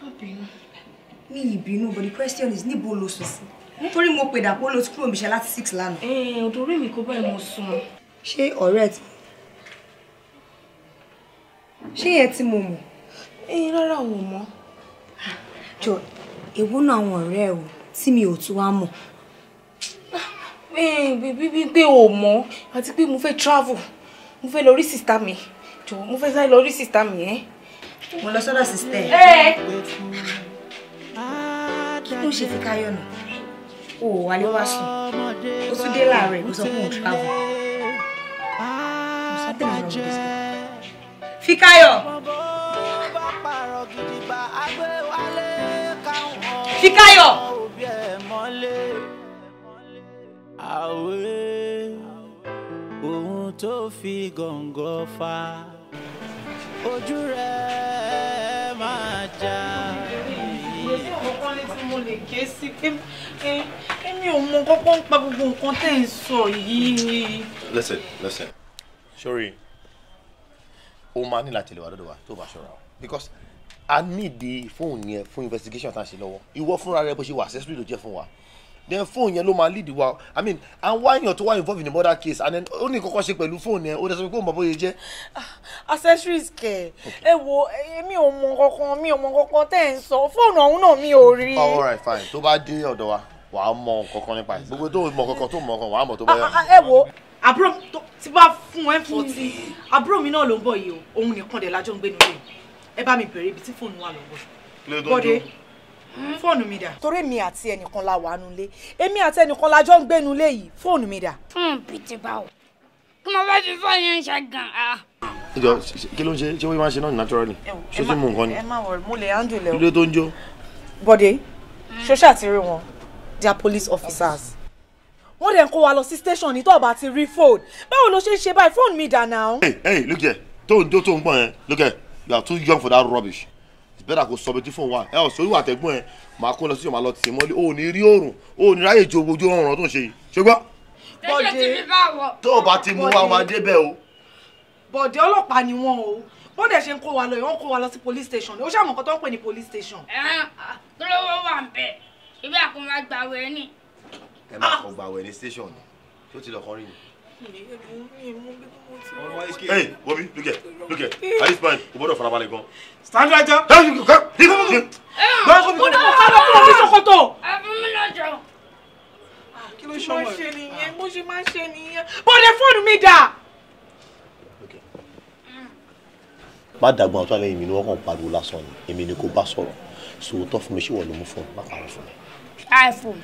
má bínú. mi ì bínú but the question is níbo lo sùn sí torí mo pè dàpọ̀ lo kúrò níbi láti six lánàá. ọ̀dọ̀ ọ̀rẹ́ mi kò báyìí mo sùn. ṣé ọ̀rẹ́ ti ṣé yẹn tí mo mọ̀. ẹyin rárá ò mọ̀. Ah, jọ èwo náà àwọn ọ̀rẹ́ ẹ̀ o tí mi ò tún wá mọ̀ gbígbé ò mọ́ àti pé mo fẹ́ travel mo fẹ́ lọ rí sista mi jọ̀wọ́ mo fẹ́ sáré lọ rí sista mi ẹ́. mo lọ sọ́dọ̀ sista ẹ̀. kí ló ṣe fi káyọ̀ nù o ò wálé wá sùn ó tún dé láàárọ̀ kó sọ fún òun travel. Fikayo. Fikayo àwé ohun tó fi gọ̀ǹgọ̀ fa ojú rẹ̀ máa já. Èmi ò mọ kọ́kọ́ ń pa gbogbo nǹkan tẹ́ ń sọ yìí. Listen, listen. Sorry, o máa ní láti lè wà lọ́dọ̀ wa tó bá ṣọ́ra o. Because a ní ìdí fóònù yẹn fún investigation tá a ṣe lọ́wọ́. Ìwọ fúnra rẹ bó ṣe wà accessory ló jẹ́ fún wa then phone yẹn ló máa lead wa i mean and why èèyàn tó wá involved in the murder case and then ó ní kọ́kọ́ ṣe pẹ̀lú phone yẹn ó dẹ̀ sọ pé kó mọ̀ bóyá jẹ́. Ah, accessories kẹ ẹ wo mi ò mọ kankan mi ò mọ kankan tẹ́ ẹ̀ ń sọ fóònù ọ̀hún náà mi ò rí. Oh, all right fine tó bá dé ọ̀dọ̀ wa wà á mọ kankan nípa ẹ̀ gbogbo tó mọ kankan tó mọ kankan wà á mọ tó bá yà. Ah, ah, ẹ wo àbúrò tí bá fún ẹ fọtí àbúrò mi náà ló ń bọ̀ yìí o òun nìkan dẹ̀ lájọ́ ń gbénu lé ẹ bá mi bẹ̀rẹ̀ ibi tí fóònù wà lọ́wọ́ bọ́dé Hmm, fóònù mi dà. torí mi àti ẹnìkan la wà nulẹ̀ èmi àti ẹnìkan la jọ ń gbé nulẹ̀ yìí fóònù mi dà. fún hmm, pété báwo kí mo bá fi fóònù yẹn ṣe gan-an. Ah. ìjọ kí ló ń ṣe ṣé wọ́n máa ń ṣe náà naturally ṣé tí mo nǹkan ni. ẹ má wọrẹ mo lè handle lẹ o. ilé tó ń jó. bọ́dé hmm. ṣọ́ṣà ti rí wọn they are police officers wọ́n dẹ̀ ń kó wa lọ sí station ní tọ́ọ̀bà ti rí fóònù báwo ló ṣe ń ṣe báyìí fóònù mi dà náà. ẹ ẹ lókè tó ń jó tó ń gbọ̀n yẹn lókè you are too young for that rubbish bẹ́ẹ̀ kò sọ bẹ́tí fún wa ẹ ọ̀ sórí wà tẹ́gbọ́n ẹ máa kó lọ sí ìmọ̀ lọ tì mọ́lẹ̀ o ò ní rí òrùn o ò ní ráyè jo ojú ọ̀ràn tó ń ṣe yìí ṣùgbọ́n. bọ́dé tó o bá ti mú wa máa débẹ̀ o. bọ́dé ọlọ́pàá ni wọ́n o bọ́n dẹ̀ ṣe ń kó wa lọ yìí wọ́n kó wa lọ sí police station ó ṣàmọ̀ nǹkan tó ń pè ní police station. kí ló wà ń bẹ̀ ìwé àkọ́ńgbà gbàwé ni. ẹ má kọ́ gbàwé ní station ni tó ti lọ kọrin yìí. Hey, Bobby, look here, look here. At this point, o gbọ́dọ̀ farabalẹ̀ gan. Stand right down. Hey, you come. Hey, come. Hey, come. Mo ní mo ká lọ fún ọfíìsì ọkọ̀tọ̀. Àbí mi lọ jọ. Ah, kí ló ṣe ọmọ rẹ? Mo ṣe ah. máa ṣe nìyẹn. Bọ́dẹ fóònù mi dà. Mm. Má dàgbọ́n àtúwà lẹ́yìn mi ni wọ́n kàn pariwo lásán ni, èmi ni kò bá sọ̀rọ̀. Sòótọ́ fún mi ṣé wọ́n ló mú fóònù má pariwo fún mi. iPhone.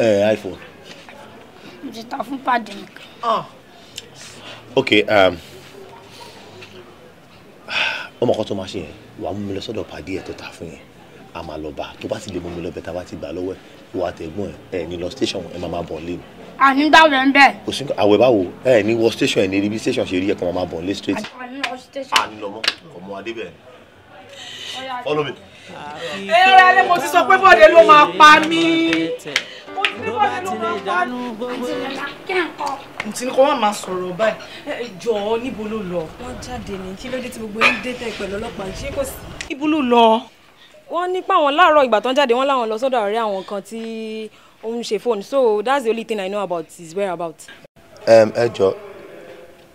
Ẹ eh, iPhone. Ah. mo um, ti ta fún pàdé nìkan. ok ọmọ kan tó máa ṣe yẹn wàá mú mi lọ sọ́dọ̀ pàdé ẹ̀ tó ta fún yẹn a máa lọ bá a tó bá sì lè mú mi lọ bẹ́ẹ̀ tá a bá ti gbà lọ́wọ́ ẹ̀ wọ àtẹ̀gbọ́n ẹ̀ ẹ̀ ní lọ station ẹ̀ máa máa bọ̀ lé mi. àní dáwẹ̀ ń bẹ̀. kò ni àwẹ̀ báwo ẹ̀ ní wọ station ẹ̀ ní ibi station ṣe rí ẹ̀ kàn máa máa bọ̀ lé straight. àní lọ station. àní lọ mọ ọmọ follow me. ẹ ẹ mo ti sọ pé bọ́ọ̀dẹ ló máa pa mí ló bá ti lè dánú wá máa sọ̀rọ̀ báyìí jọ̀ọ́ níbo ló lọ. wọ́n jáde ní kí ló tí gbogbo yín dé tẹ̀ pẹ̀lú ọlọ́pàá ṣé kò sí. ibo ló lọ. wọ́n ní pé láàárọ̀ ìgbà tó ń jáde wọ́n láwọn lọ sọ́dọ̀ ọ̀rẹ́ àwọn kan tí ó ń ṣe fóònù so that's the only thing i know about his whereabouts. ẹ jọ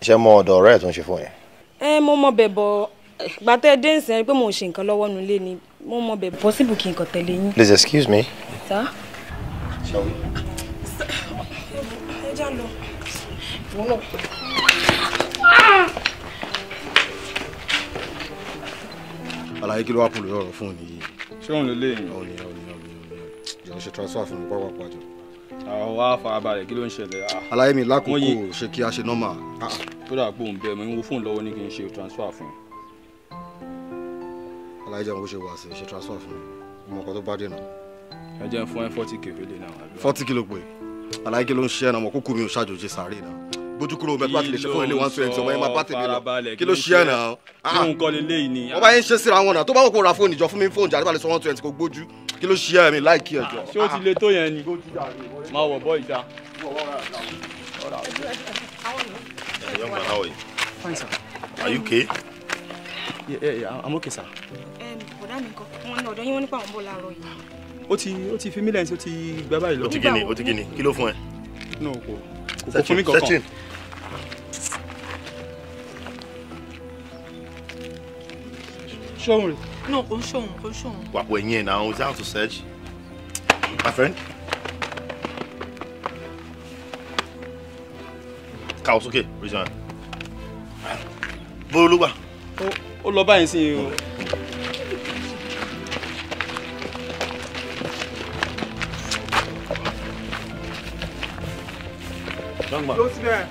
ṣe mọ ọ̀dọ̀ ọ̀rẹ́ ẹ tó ń ṣe fóònù yẹn. ẹ mo mọ bẹ̀ bọ̀ gbàtẹ́ dé ìsìn ẹni pé mo ṣe nǹkan lọ́wọ́ nulẹ̀ ni mo mọ bẹ̀ possible kí n kàn yín. please excuse me. sir lọ. ẹ já lọ. wọ́n lọ. àlàyé kí ló wá pòlò ọ̀rọ̀ fún òní yìí. ṣé òun lè léyìn. òun ni òun ni òun ni ìjọba ṣe transfer fún mi pọ́pọ́ pàjọ. àwọn wa farabalẹ̀ kí ló ń ṣẹlẹ̀. Ah. àlàyé mi lákòókò ṣe kí a ṣe nọ́mà. tó ah. dà pé òun bẹ́ẹ̀ mo ń wo fóònù lọ́wọ́ ní kí n ṣe transfer fún un aláìjà ń wọ́ṣẹ̀ wá sí ṣe transfer fún mi ọmọ ọkọ tó bá dènà ẹ jẹ́ fún ẹ forty k fẹ́lẹ̀ náà. forty kilo pé aláìkí ló ń ṣe ẹ̀nà ọmọ kúkú mi ò ṣàjòjì sàárè náà bójú kúrò mẹ́tọ́ àti lè ṣe fún ilé one twenty ọmọ yẹn máa bá tèmi lọ kí ló ṣe ẹ̀ náà. Ah! kí òun kọ́ lélẹ́ yìí ni. wọ́n bá yẹn ń ṣe síra wọn náà tó bá wọ́n kó ra fóònù ìjọ fún mi fóònù jàdébàlẹ̀ sọ one twenty kò gbójú kí ló ṣe ẹ̀ mi láìkí ẹ̀ ah, ṣé o ti le tó yẹn ni máa wọ̀ bọ́ ìta. are you. are you okay. yeah yeah yeah i'm okay sir. Um, ọ̀dà mi kọ́ wọn ní ọ̀dọ́ yín wọ́n nípa àwọn bọ́ọ̀lù àárọ̀ yìí ó ti ó ti fi mí lẹ́yìn tí ó ti gbà báyìí lọ. ó ti gini o ti gini kí ló fún ẹ. no kò kò fún mi kankan. ṣóhun rẹ. no kò ń ṣóhun kò ń ṣóhun. wà á pọ̀ ẹ̀yìn ẹ̀ náà o ti have to search. my friend. ká o sókè raise your hand. bó ló gbà. ó lọ báyìí sí i o. Young man.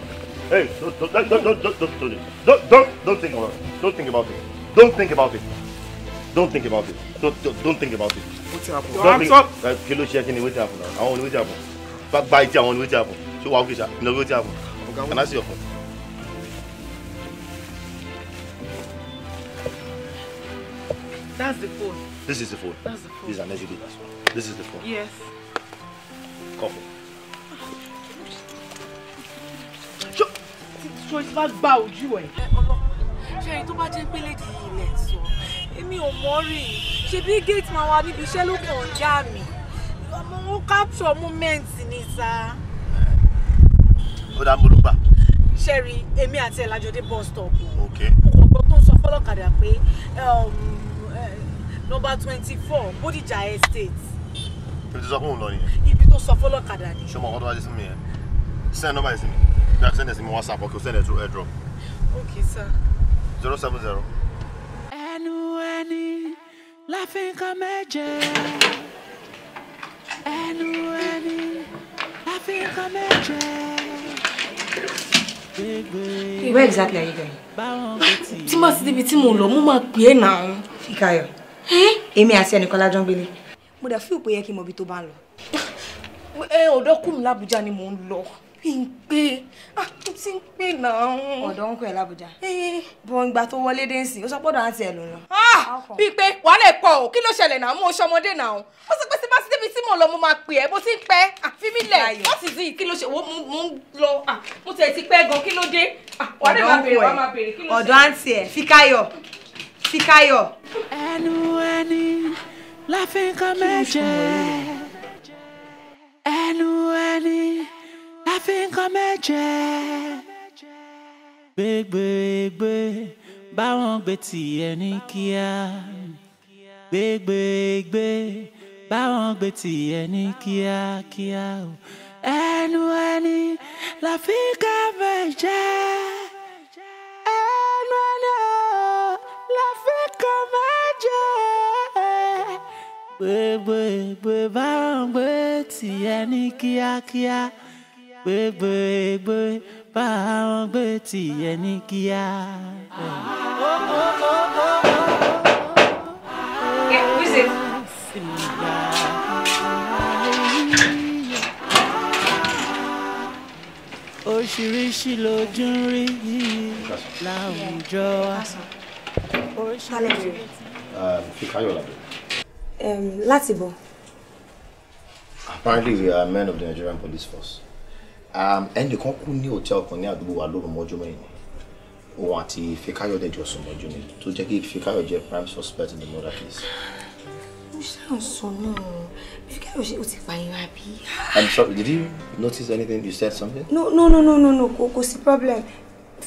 Hey, don't, don't, don't, don't, don't, don't, don't, don't, don't, think about it. Don't think about it. Don't think about it. Don't think about it. Don't, don't, don't think about it. What's happened? Don't think. Uh, kí ló ṣe kí ni wetin happen na? Àwọn wetin happen? Gbagba eti àwọn wetin happen? Ṣé wàá kìí ṣá? Ìlọ wetin happen? Can I see your phone? That's the phone. This is the phone. That's the phone. This is an STD. This is the phone. Yes. Coffee. tí sọ ti bá gba ojú ẹ. ṣe èyí tó bá jẹ́ pé lédi ilẹ̀ sọ èmi ò mọ̀ rí i ṣe bí gate máa wà níbi iṣẹ́ ló kàn já mi ọmọ wọn capture moment ni sá. ó dá mo ló gbà. ṣẹ́rí èmi àti ẹ̀ lájọ dé bus stop. ok. mo kàn gbọ́ tó ń sọ fọlọ́kadà pé um, eh, nọ́mbà twenty four Bódìjà estate. ibi tó sọ fún òun lọ nìyẹn. ibi tó sọ fọlọ́kadà ni. ṣé mo kọ́ tó wá sí mi yẹn send nọ́mbà yẹn sí mi. Yeah, send us in WhatsApp. Okay, send it through airdrop. Okay, sir. 070. Ẹnu ẹni la fi ń ka where exactly are you going? Tí mo sì débi tí mo lọ, mo máa pè é náà. Fikayo. Èmi àti ẹnìkan lájọ́ ń gbélé. Mo dẹ̀ fíìpù yẹ kí n mọ ibi tó bá l'Abuja ni mò ń mi ah, gbé àti tí ń gbé náà. ọ̀dọ̀ ń kọ́ ẹ̀ lábújá. bọ̀ ìgbà tó wọlé dé ń sìn ó sọ pọ́dọ̀ àti ẹ̀ ló lọ. bíi pé wàhálà ẹ̀ pọ̀ o kí ló ṣẹlẹ̀ náà mo ṣọmọdé náà ó sọ pé tí bá sí débi tí mò ń lọ mo máa pè ẹ́ bó ti ń pẹ́ àfi mí lẹ̀ wọ́n sì ti kí ló ṣe mo ń lọ mo tẹ̀ ti pẹ́ gan kí ló dé wàhálà máa bèrè wàá máa ọ̀dọ̀ àǹtí ẹ̀ Fíkáyọ̀ Fíkáyọ̀. ẹnu ẹni láfi ń mẹ́jẹ ẹnu ẹni fi nǹkan mẹ́jẹ. gbégbégbé báwọn gbé tiẹ̀ ní kíá. gbégbégbé báwọn gbé tiẹ̀ ní kíákíá. ẹnu ẹni la fi ká mẹ́jẹ. ẹnu ẹni o la fi ká mẹ́jẹ. gbégbégbé báwọn gbé tiẹ̀ ní kíákíá gbégbégbé bá wọn gbé tìyẹ ní kíá. Yeah, who's it? oríṣiríṣi lójú ń rí láwùjọ wa. Um, um, láti bọ̀. Apparently we are men of the Nigerian police force. Um, ẹnìkan kú ní hòtẹ́ẹ̀lì kan ní àdúgbò wa lóru mọ́jú mẹ́rin òun àti Fẹ́káyọ̀dé jọ sùn mọ́jú ni tó jẹ́ kí Fẹ́káyọ̀ jẹ́ prime suspect in the murder case. mo ṣáà sọ náà Fẹ́káyọ̀ ṣe o ti pààyàn àbí. I'm sorry did you notice anything you said something. no no no no no kò kò sí problem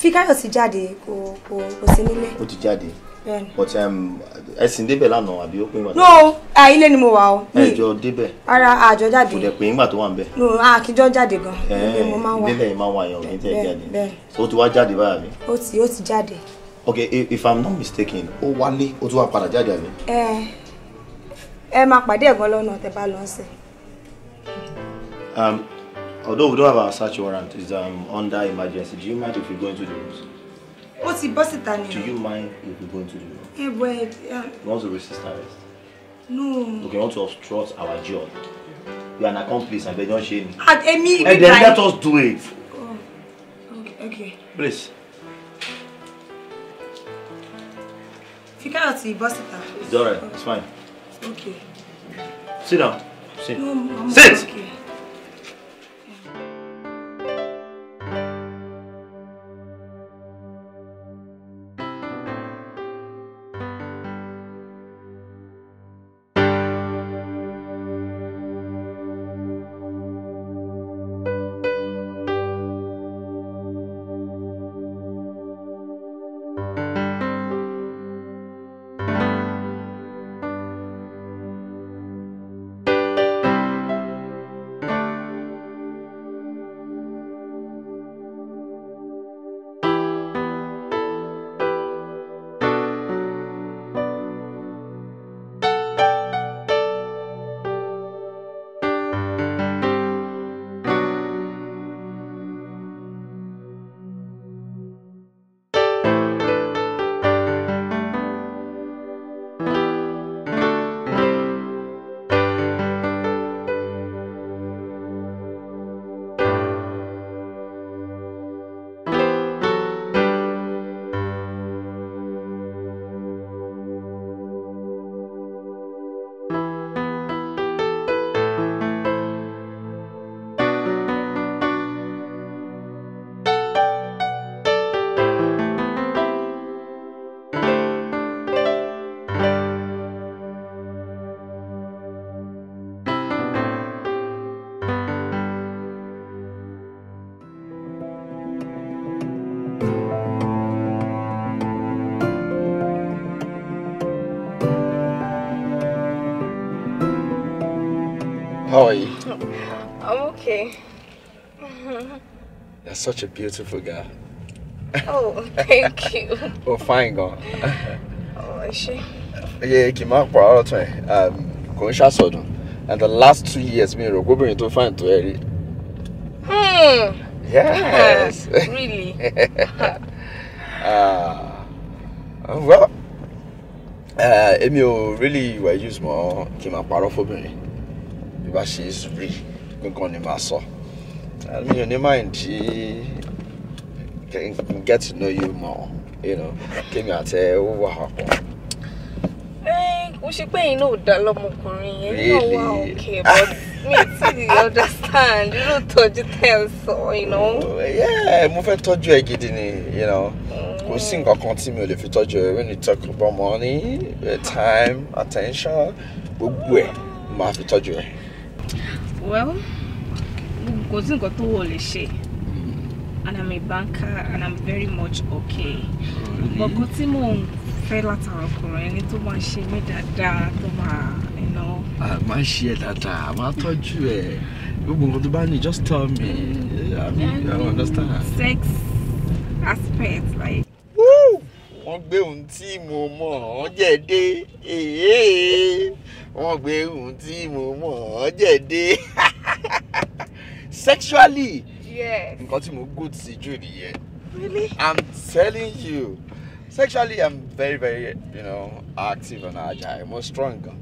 Fẹ́káyọ̀ ti jáde kò kò kò sí nílé. ó ti jáde but um, ẹsìn débẹ̀ lánàá àbí ó pín ìgbà no ilé ni mo wà o. ẹjọ débẹ̀. ara àjọ jáde. kò dẹ̀ pé ìgbà tó wà ń bẹ̀. no àkíjọ jáde gan. ilé mo máa ń wà. ilé yìí máa ń wà yàn kí n tẹ̀ jáde. bẹ́ẹ̀ o ti wá jáde báyà mi. ó ti ó ti jáde. okay if i'm not mistaken ó wálé ó tún wá padà jáde àbí. ẹ ẹ máa pàdé ẹ̀gbọ́n lọ́nà tẹ bá lọ sí. Um, although we don't have our search warrant it's um, under emergency do you mind if we go into the rooms ó ti bọ́ síta ni. do you mind if we go into the room. ẹ bọ ẹ. you want to resist arrest. no. okay We want to obstruct our job. you are an accomplice abeg don shame me. at emi ibi eh, kai. then let us do it. Oh, okay okay. please. Fikayo ti bọ́ síta. it's alright it's fine. okay. sit down sit. no mama sit. okay. How are you? I'm okay. You're such a beautiful girl. Oh, thank you. oh, fine, girl. oh, is she? Yeah, kì máa pọ̀ Um, tán ẹ̀ kò ń and the last two years mi rò gbóbìnrin tó fáìn tó ẹ̀ Hmm. Yes. really? uh, well, uh, ò really were used more kì máa for me bí bá ṣe rí gangan ni màá sọ mi ò ní mind tí get to know you more you know kémi àti ẹ ó wà papọ̀. Eh, mo ṣe pé yín náà dá lọmọkùnrin yẹn yóò wá òkè but mi ti understand irú tọ́jú tẹ́ ẹ sọ oh, mo fẹ́ tọ́jú ẹ gidi ni you know kò sí mm. nǹkan kan tí mi ò lè fi tọ́jú ẹ when you talk about money time attention gbogbo ẹ máa fi tọ́jú ẹ. well because I got tó wò lè ṣe hmm. and i'm a banker and i'm very much okay But got mò ń fẹ́ látara ọkùnrin ẹni tó máa ṣe mí dáadáa tó máa iná. a máa ṣe ẹ dáadáa a máa tọ́jú ẹ gbogbo nǹkan tó bá ní just tell me i mean i understand. sex aspects like. wọ́n gbé ohun tí mo mọ̀ ọ́n jẹ̀dé wọ́n gbé ohun tí mo mọ̀ ọ́n jẹ̀dé sexually nǹkan tí mo good sí jù nìyẹn i'm telling you sexually i'm very very you know, active and agile mo strong gan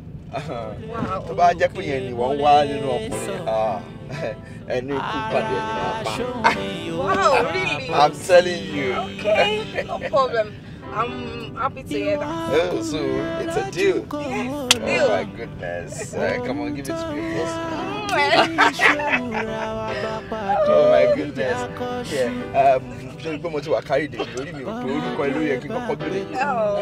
tó bá jẹ́ pé yẹn ni wọ́n wá nínú ọkùnrin ah, ẹnu ikú ah, pàdé ẹni máa pa. wow really. i'm telling you. okay no problem. I'm happy to hear that. Oh, so it's a deal. Yes, deal. Oh my goodness. Uh, come on, give it to me. Mm-hmm. oh my goodness. Yeah. Um, ṣe pé mo carry wà kárí dèjì lórí mi ò pé orúkọ ẹ lórí ẹ kí n kọ́kọ́ gbé lẹ́yìn. Oh.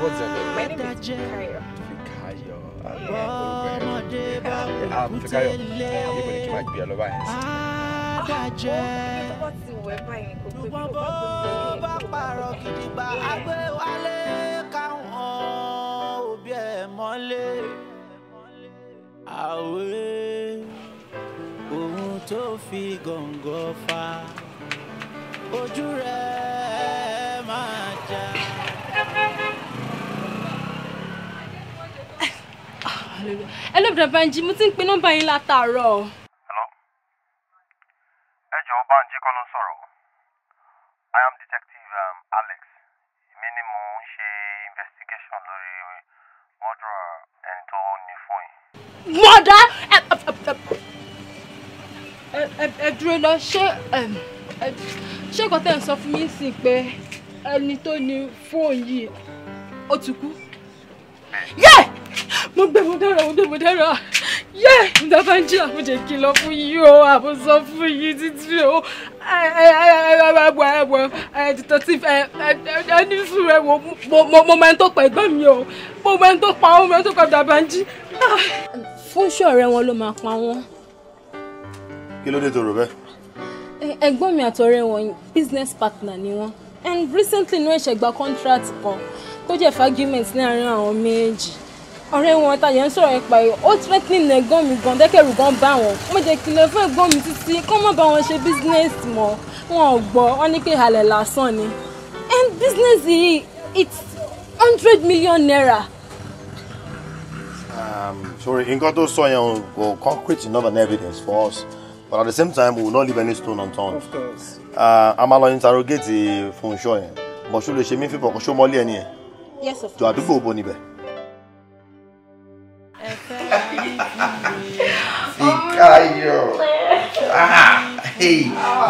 what's your name. my name is Fikayo. Fikayo. orúkọ ẹ. Fikayo. ibo ni kí n máa gbé ẹ lọ báyìí bàjẹ́. Ah, ṣùgbọ́n bó bá pààrọ̀ gidigba agbé wálé káwọn òbí ẹ̀ mọ́lé. àwé ohun tó fi gọ̀ǹgọ̀ fa ojú rẹ̀ máa jà. ẹ ah, Banji mo ti ń pe nọ́mbà látàárọ̀. mọ̀dá ẹ dúró lọ ṣé ṣé kò tẹ̀ ń sọ fún mi sí pé ẹni tó ní fóònù yìí ó ti kú. yẹ mo gbé mo dára mo gbé mo dára yẹ Babánjí àmújẹ kìlọ̀ fún yìí o àmúsọ fún yìí títí o ẹwọ ẹwọ ẹdìtọ tí ẹ ẹ ní sùúrù ẹwọ mo mọ ẹni tó pa ẹ̀gbọ́n mi o mo mọ ẹni tó pa ọmọ ẹni tó pa Babánjí. Fúnṣọ́ ọ̀rẹ́ wọn ló máa pa wọ́n. kí ló dé tó rò bẹ́ẹ̀. ẹ̀gbọ́n mi àtọ̀rẹ́ wọn business partner ni wọ́n and recently ní ẹ̀ṣẹ̀ gba contract kan tó jẹ́ fagiment láàrin àwọn méjì ọ̀rẹ́ wọn tayọ̀ ń sọ̀rọ̀ ipa ẹ̀ ó threatening ní ẹ̀gbọ́n mi gan dẹ́kẹ̀rù gan bá wọn mo jẹ́ kìlọ̀ fún ẹ̀gbọ́n mi títí kó má bá wọn ṣe business mọ́ wọn ò gbọ́ wọn ní pé halẹ̀ lásán ni and business yìí it's hundred million naira Um, sorry, in tó sọ yẹn go concrete enough and evidence for us but at the same time we will not leave any stone unturned. Of course. A máa lọ interrogate Funsho yẹn but ṣó lè ṣe mí fipọ̀ kó ṣó mọ́lé ẹni yẹn. Yes of course. Jọ àdúgbò òbò níbẹ̀. Fikayo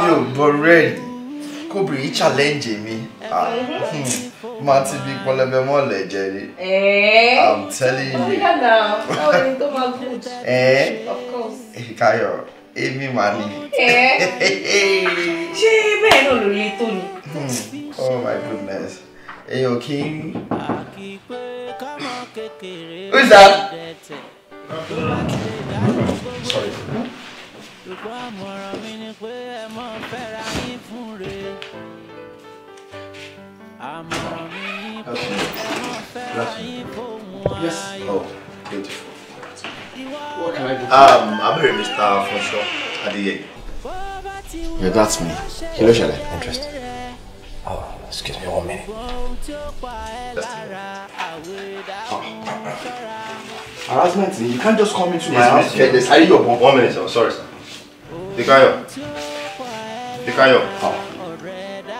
mi ò bọ̀ rẹ́ẹ̀dì kóbìnrin challenge mi. Ah, mm-hmm. hmm máa ti bí pọlẹbẹ mọ́ lẹ̀ jẹ rí. Eh? i'm telling oh, you. ọ̀rẹ́ àná báwo ni tó máa good. ẹ of course. Eh, Káyọ̀ èmi máa ní. ṣé bẹ́ẹ̀ náà lórí to ni. Hmm. oh my goodness èèyàn kì í. who's that. sorry. I'm Yes. Oh, beautiful. What can I do? Um, I'm here, Mr. Fonsho Adeyeye. Yeah, that's me. Hello, Shale. Interesting. Oh, excuse me one minute. Just Harassment, you can't just come into yes, my house. Yes, yes, I your One minute, sir. Sorry, sir. Dikayo. Dikayo. Oh.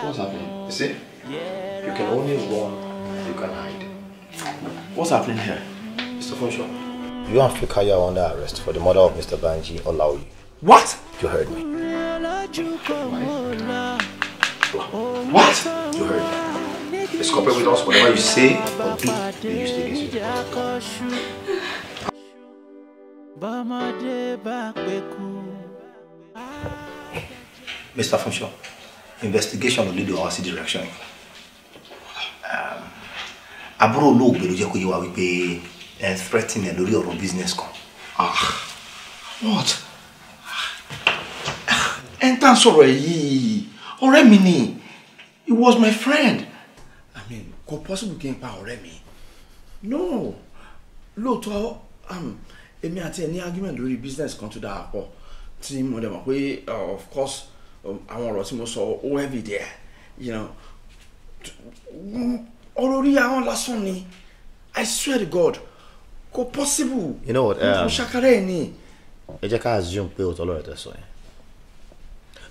What's happening? You see? You can only run What's happening here? Mr. Funchal. You and Fikaya are under arrest for the murder of Mr. Banji Olaoyi. What? You heard me. What? You heard me. Let's cooperate with us. Whatever you say or do, we use against you. Mr. Funchal, investigation will lead to our direction. Um, àbúrò olóògbé ló jẹ́ kó yé wa wípé ẹ̀ threatening ẹ̀ lórí ọ̀rọ̀ business kan. Ah. what ẹ ń tàn sọ̀rọ̀ ẹ̀ mi ni he was my friend i mean kò possible kí n pa ọ̀rẹ́ mi no lóòótọ́ um, èmi àti ẹ̀ ní argument lórí business kan tó dára pọ̀ tí mo dẹ̀ mọ̀ pé uh, of course um, àwọn ọ̀rọ̀ tí mo sọ ó heavy there you know ọ̀rọ̀ orí ahọ́n lásán ni i swear to god kò possible. you know what um, ṣàkárà ẹ̀ ni. ẹ jẹ́ ká assume pé òótọ́ lọ́rọ̀ tẹ sọ yẹn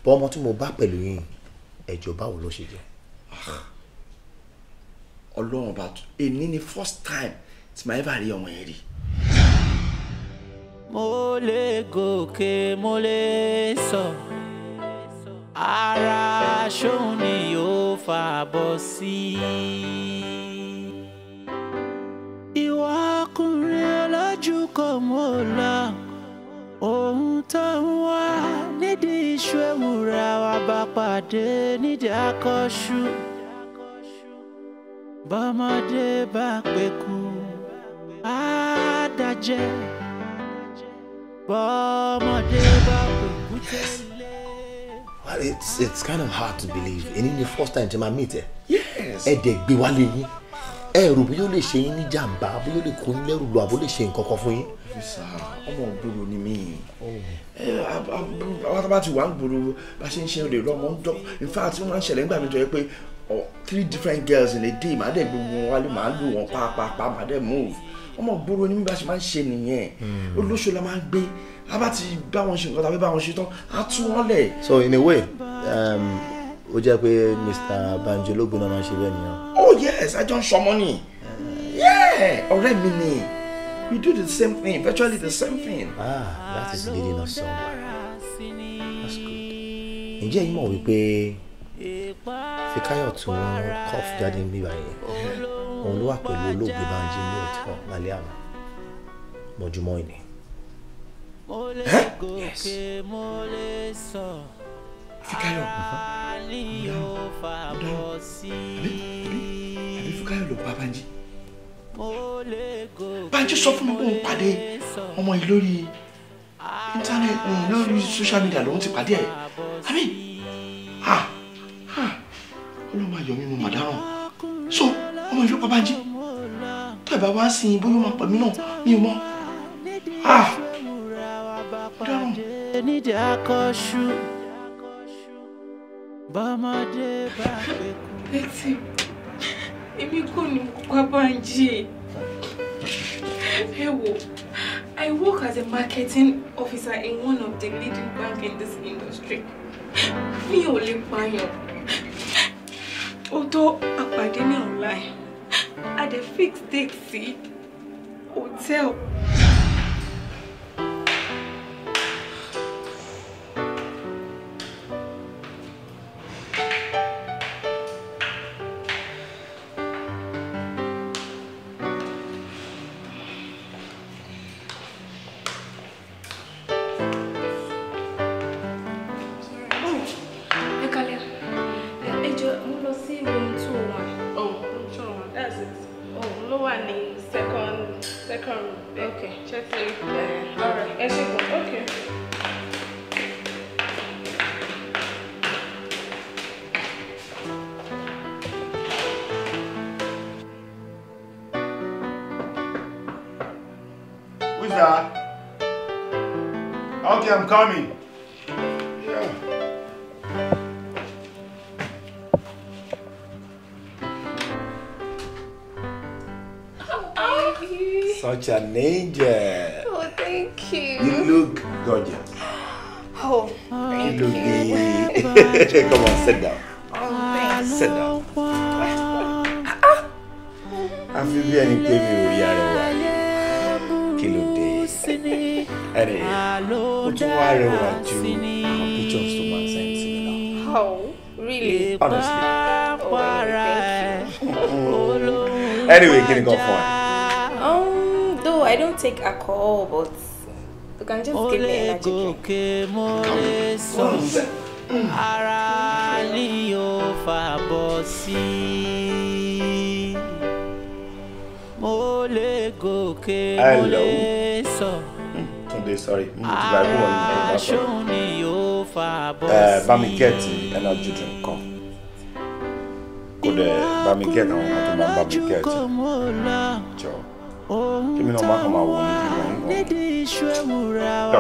bọ́ ọmọ tí mo bá pẹ̀lú yín ẹ̀jọ̀ báwo ló ṣe jẹ́. Ah, ọlọ́run bá tó èmi ni first time tí màá ever rí ọmọ yẹn rí. mo lè gòkè mo lè sọ ara ṣóun ni yóò fà bọ́ sí i. kò mú ohun tó ń wá nídìí iṣu ewùrà wa bá pàdé nídìí akọ́ṣu bọ́mọdé bá pẹ̀kú á bọ́mọdé bá pẹ̀kú tẹ́lẹ̀. Well, it's it's kind of hard to believe. in the first time to my meet her. Yes. Ẹ dẹ̀ gbé wálé yín ẹ bí yóò lè ṣe yín ní jàǹbá bí yóò lè kó yín lẹ́rù lọ àbó lè ṣe nǹkan kan fún yín. sà ọmọ ògbóró ni mí oh. àwọn tábà ti wà ń gbòòrò bá ṣe ń ṣe olè lọ́mọ ń dọ́ in fact máa ń ṣẹlẹ̀ nígbà mi jọ yẹ pé three different girls in a day màá dẹ̀ gbogbo wọn wálé màá lù wọn pàápàá màá dẹ̀ move ọmọ ògbóró ni mí bá ṣe máa ń ṣe nìyẹn hmm. olóṣù la máa ń gbé a ti bá wọn ṣe nǹkan tàbí bá wọn ṣe tán á tú wọn lẹ̀. so in a way um, ó jẹ́ pé Mr. Banji olóògbé náà máa ṣe bẹ́ẹ̀ nìyẹn. oh yes I ń sọmọ ni ọ̀rẹ́ mi ni we do the same thing virtually the same thing. ah that is leading us somewhere that's good. ǹjẹ́ ẹ̀yin mọ̀ wípé Fikayo tó ń cough jáde níbà yẹn òun ló wà pẹ̀lú olóògbé Banji ní òtún lálẹ́ àná mọ́júmọ́ ìní. yes. Fikayo. Àbí Fikayo ló pa Banji. Banji sọ fún mi pé òun pàdé ọmọ yìí lórí íńtánẹ́ẹ̀tì lórí sóṣàl mídíà lòun ti pàdé ẹ̀. Àmì ọlọ́mọ ayọ̀ mi mo mà dáràn. So ọmọ yìí ló pa Banji. Tó ẹ̀ bá wá sí i bóyá ó máa pẹ̀mí náà mi ò mọ̀. Ah! Dáràn bọ́mọdé bá pé kú. létí èmi kò ní kópa Bánjí ẹ wò I work as a marketing officer in one of the leading bank in this industry. Mi ò lè pààyàn. Ó tó àpàdé ní online. A dẹ̀ fix date sí hotel. Sit down. Sit down. Àfi bí ẹni pé mi ò rí ara wa rí. Kí ló dé? Ẹni o tún wá rẹwà ju pictures tó máa ń How? Oh, really? Honestly. Oh, thank you. Anyway, kí ni kan Um, though I don't take a call, but you can just give me energy drink. Come. What is fàbọ̀ sí i mo lè gòkè mo lè sọ. Hmm, Tunde sorry hmm, mo ti gba ẹgbẹ́ wọn ní ẹgbẹ́ sọ. aṣọ ni yóò fàbọ̀ eh, sí i. bá mi gẹ̀ẹ́tì energy drink kan kò dẹ̀ bá mi gẹ̀ẹ́tì àwọn ọmọ tó máa ń bá mi gẹ̀ẹ́tì jọ èmi náà má kàn máa wò ní ìgbà yẹn. nídìí iṣu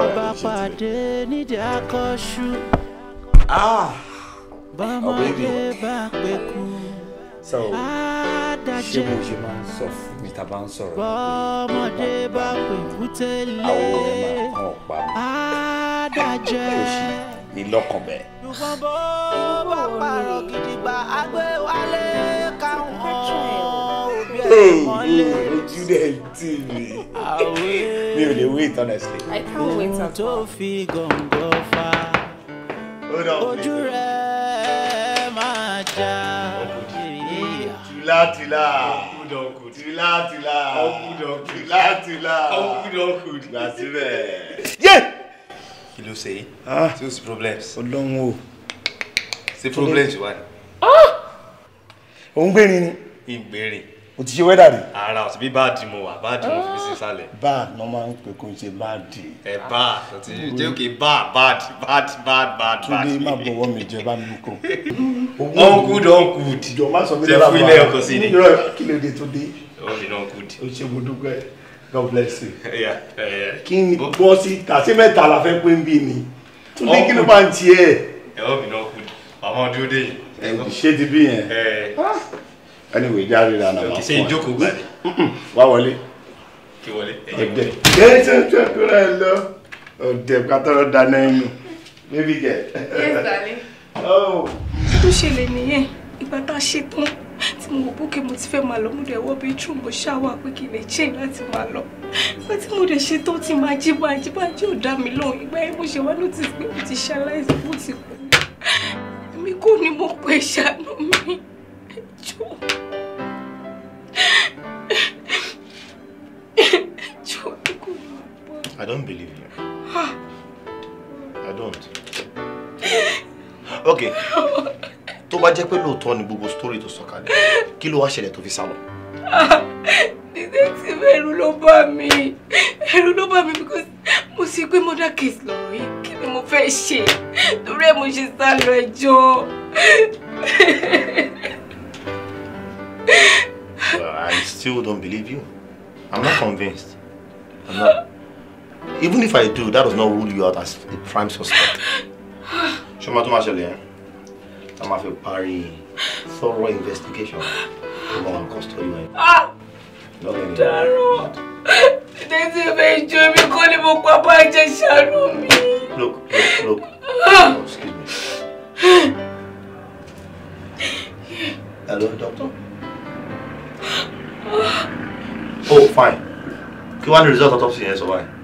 ọba pàdé nídìí akọ́ṣu. ah ọ̀bẹ́bí oh, so ṣé mo ṣe máa ń sọ fún mi tá a bá ń sọ̀rọ̀ ní pé àwọn ọ̀rẹ́ máa kàn ọ̀pá mi kò Hey, ojú dẹ̀ tì mí. Mi ò lè wait honestly. I can't wait at all. Ojú rẹ̀. tìlátìlá tìlátìlá tìlátìlá gbà síbẹ̀. yé kí ló ṣe yìí ah. tí ó sì problems. ọlọ́run o. ṣe problems wà ní. òun ah! gbèrè ni. ìgbèrè o ti ṣe wẹ́dà rí. ara ọ̀sìn bí báàdì mo wà báàdì mo fi sí sálẹ̀. báà ló máa ń pè kó n ṣe báàdì. ẹ báà ló ti jẹ́ òkè báà báàdì báàdì báàdì báàdì. túnde má bọ̀wọ́ mi jẹ bá mi kọ. uncle uncle jọ má sọ mí lọ́la fún ilé ọkọ̀ sí ni. yọrọ kí ló dé tó dé. uncle uncle. o ṣe mo dúpẹ́ God bless you. kí n bọ́ sí tàṣí mẹ́ta la fẹ́ pé ń bí ni. túnde kí ló máa ń anyway jáde rà nàmà fún ẹ. ṣe ìjókòó gbàdé. Mm, mm, mm. wá wọlé. kí wọlé. ọdẹ ẹ ṣe ń tẹ kúrò ẹ lọ ọdẹ kátọrọ dáná ẹnu baby girl. yes darling. Oh. kí ló ṣẹlẹ̀ nìyẹn ìgbà tá a ṣe tán tí mo wò bókè mo ti fẹ́ máa lọ mo dẹ̀ wọ́ bíi true mo ṣáwà pé kí n lè change láti máa lọ ìgbà tí mo dẹ̀ ṣe tán tí máa jí máa jí máa jí ò dá mi lóhùn ìgbà yẹn mo ṣe wá notice pé mo ti ṣaláìsí mo ti kú èmi kò ní mo pè ṣàánú mi jọ̀ọ́. don't believe you. I don't. Okay. To ba jẹ́ pé lóòótọ́ ni gbogbo story to sọ kalẹ̀, kí ló wá ṣẹlẹ̀ tó fi ni lọ? Detective ẹ̀rù ló bá mi. Ẹ̀rù ló bá mi because mo sì pé murder case lọ̀rọ̀ yìí. Kí ni mo fẹ́ ṣe? Torí ẹ̀ mo ṣe sá lọ ẹjọ́. I still don't believe you. I'm not convinced. I'm not. Even if I do, that does not rule you out as the prime suspect. Ṣé máa tún I'm ṣẹlẹ̀ a very thorough investigation Come on, wà custody wọn. Lọ́gbẹ̀ni. Dàrú! Tẹ́tí ìfẹ́ ìjọ mi kọ́ ni mo pa bá ẹ̀jẹ̀ ṣàánú mi. Look, look, look. Ah! Oh, excuse me. Hello, doctor. Ah! Oh, fine. Kí wá ní result autopsy yẹn sọ báyìí?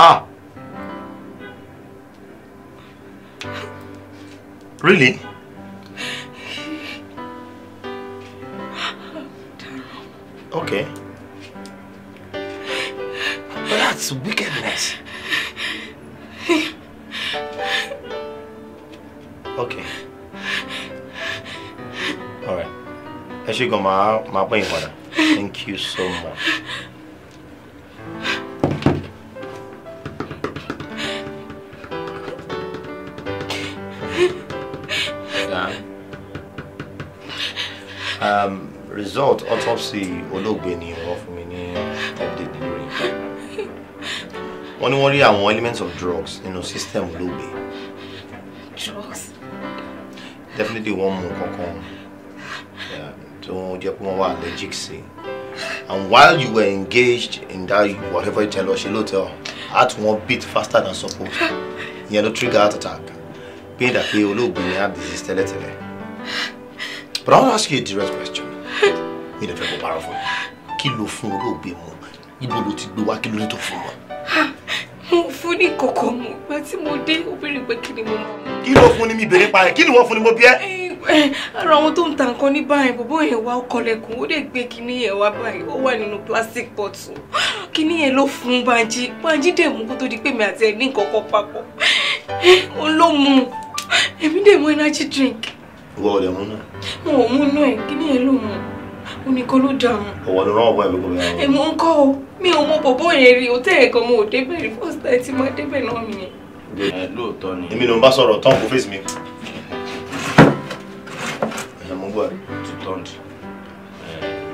Ah. Really? Okay. But that's wickedness. Okay. All right. I should go Thank you so much. um, result autopsy olóògbé ni wọ́n fún mi ní update lórí. wọ́n ní wọ́n rí àwọn elements of drugs nínú system olóògbé. drugs. definitely wọ́n mú kankan tó jẹ́ pé wọ́n wà allergic sí. and while you were engaged in that whatever you tell us ṣe ló tẹ ọ heart wọn beat faster than supposed ìyẹn ló trigger heart attack bí ìdàpé olóògbé ni heart disease tẹ́lẹ̀tẹ́lẹ̀. But I want to ask you a direct question. Mi lè fẹ́ kó parọ́ fún mi. Kí ló fún Ibo ló ti gbé wá kí ló ní tó fún wa? Mo fún ní kòkó mu. Ìgbà tí mo dé, ó béèrè pé mo máa mu. ni mi bere pa ẹ̀? Kí ni wọ́n fún ni mo bí ẹ́? Eh, ara àwọn tó ń ta nǹkan ní báyìí, bòbó yẹn wá ọkọlẹ̀kùn, ó dẹ̀ gbé kíní yẹn wá báyìí, ó wà nínú plastic bottle. Kíní yẹn ló fún Banji. Banji dẹ̀ mú kó tó di pé mi àti ẹ̀ ní nǹkan kan papọ̀. Òun eh, ló mu. Èmi dẹ̀ mú energy drink ìwọ ò lè mú náà. wọn ò mú náà ẹ kí ni ẹ lò mú un nìkan ló dààmú. ọwọ́ ló rán ọgbọ́n ẹ gbogbo ẹ. èmi ń o mi ò mọ bọ̀bọ̀ yẹn rí o tẹ́ẹ̀ gan mo ò débẹ̀ rí first time tí mo débẹ̀ náà nìyẹn. lóòótọ́ ni. èmi ló ń bá sọ̀rọ̀ tán kó mi. ẹ̀yà mo gbà tó tán di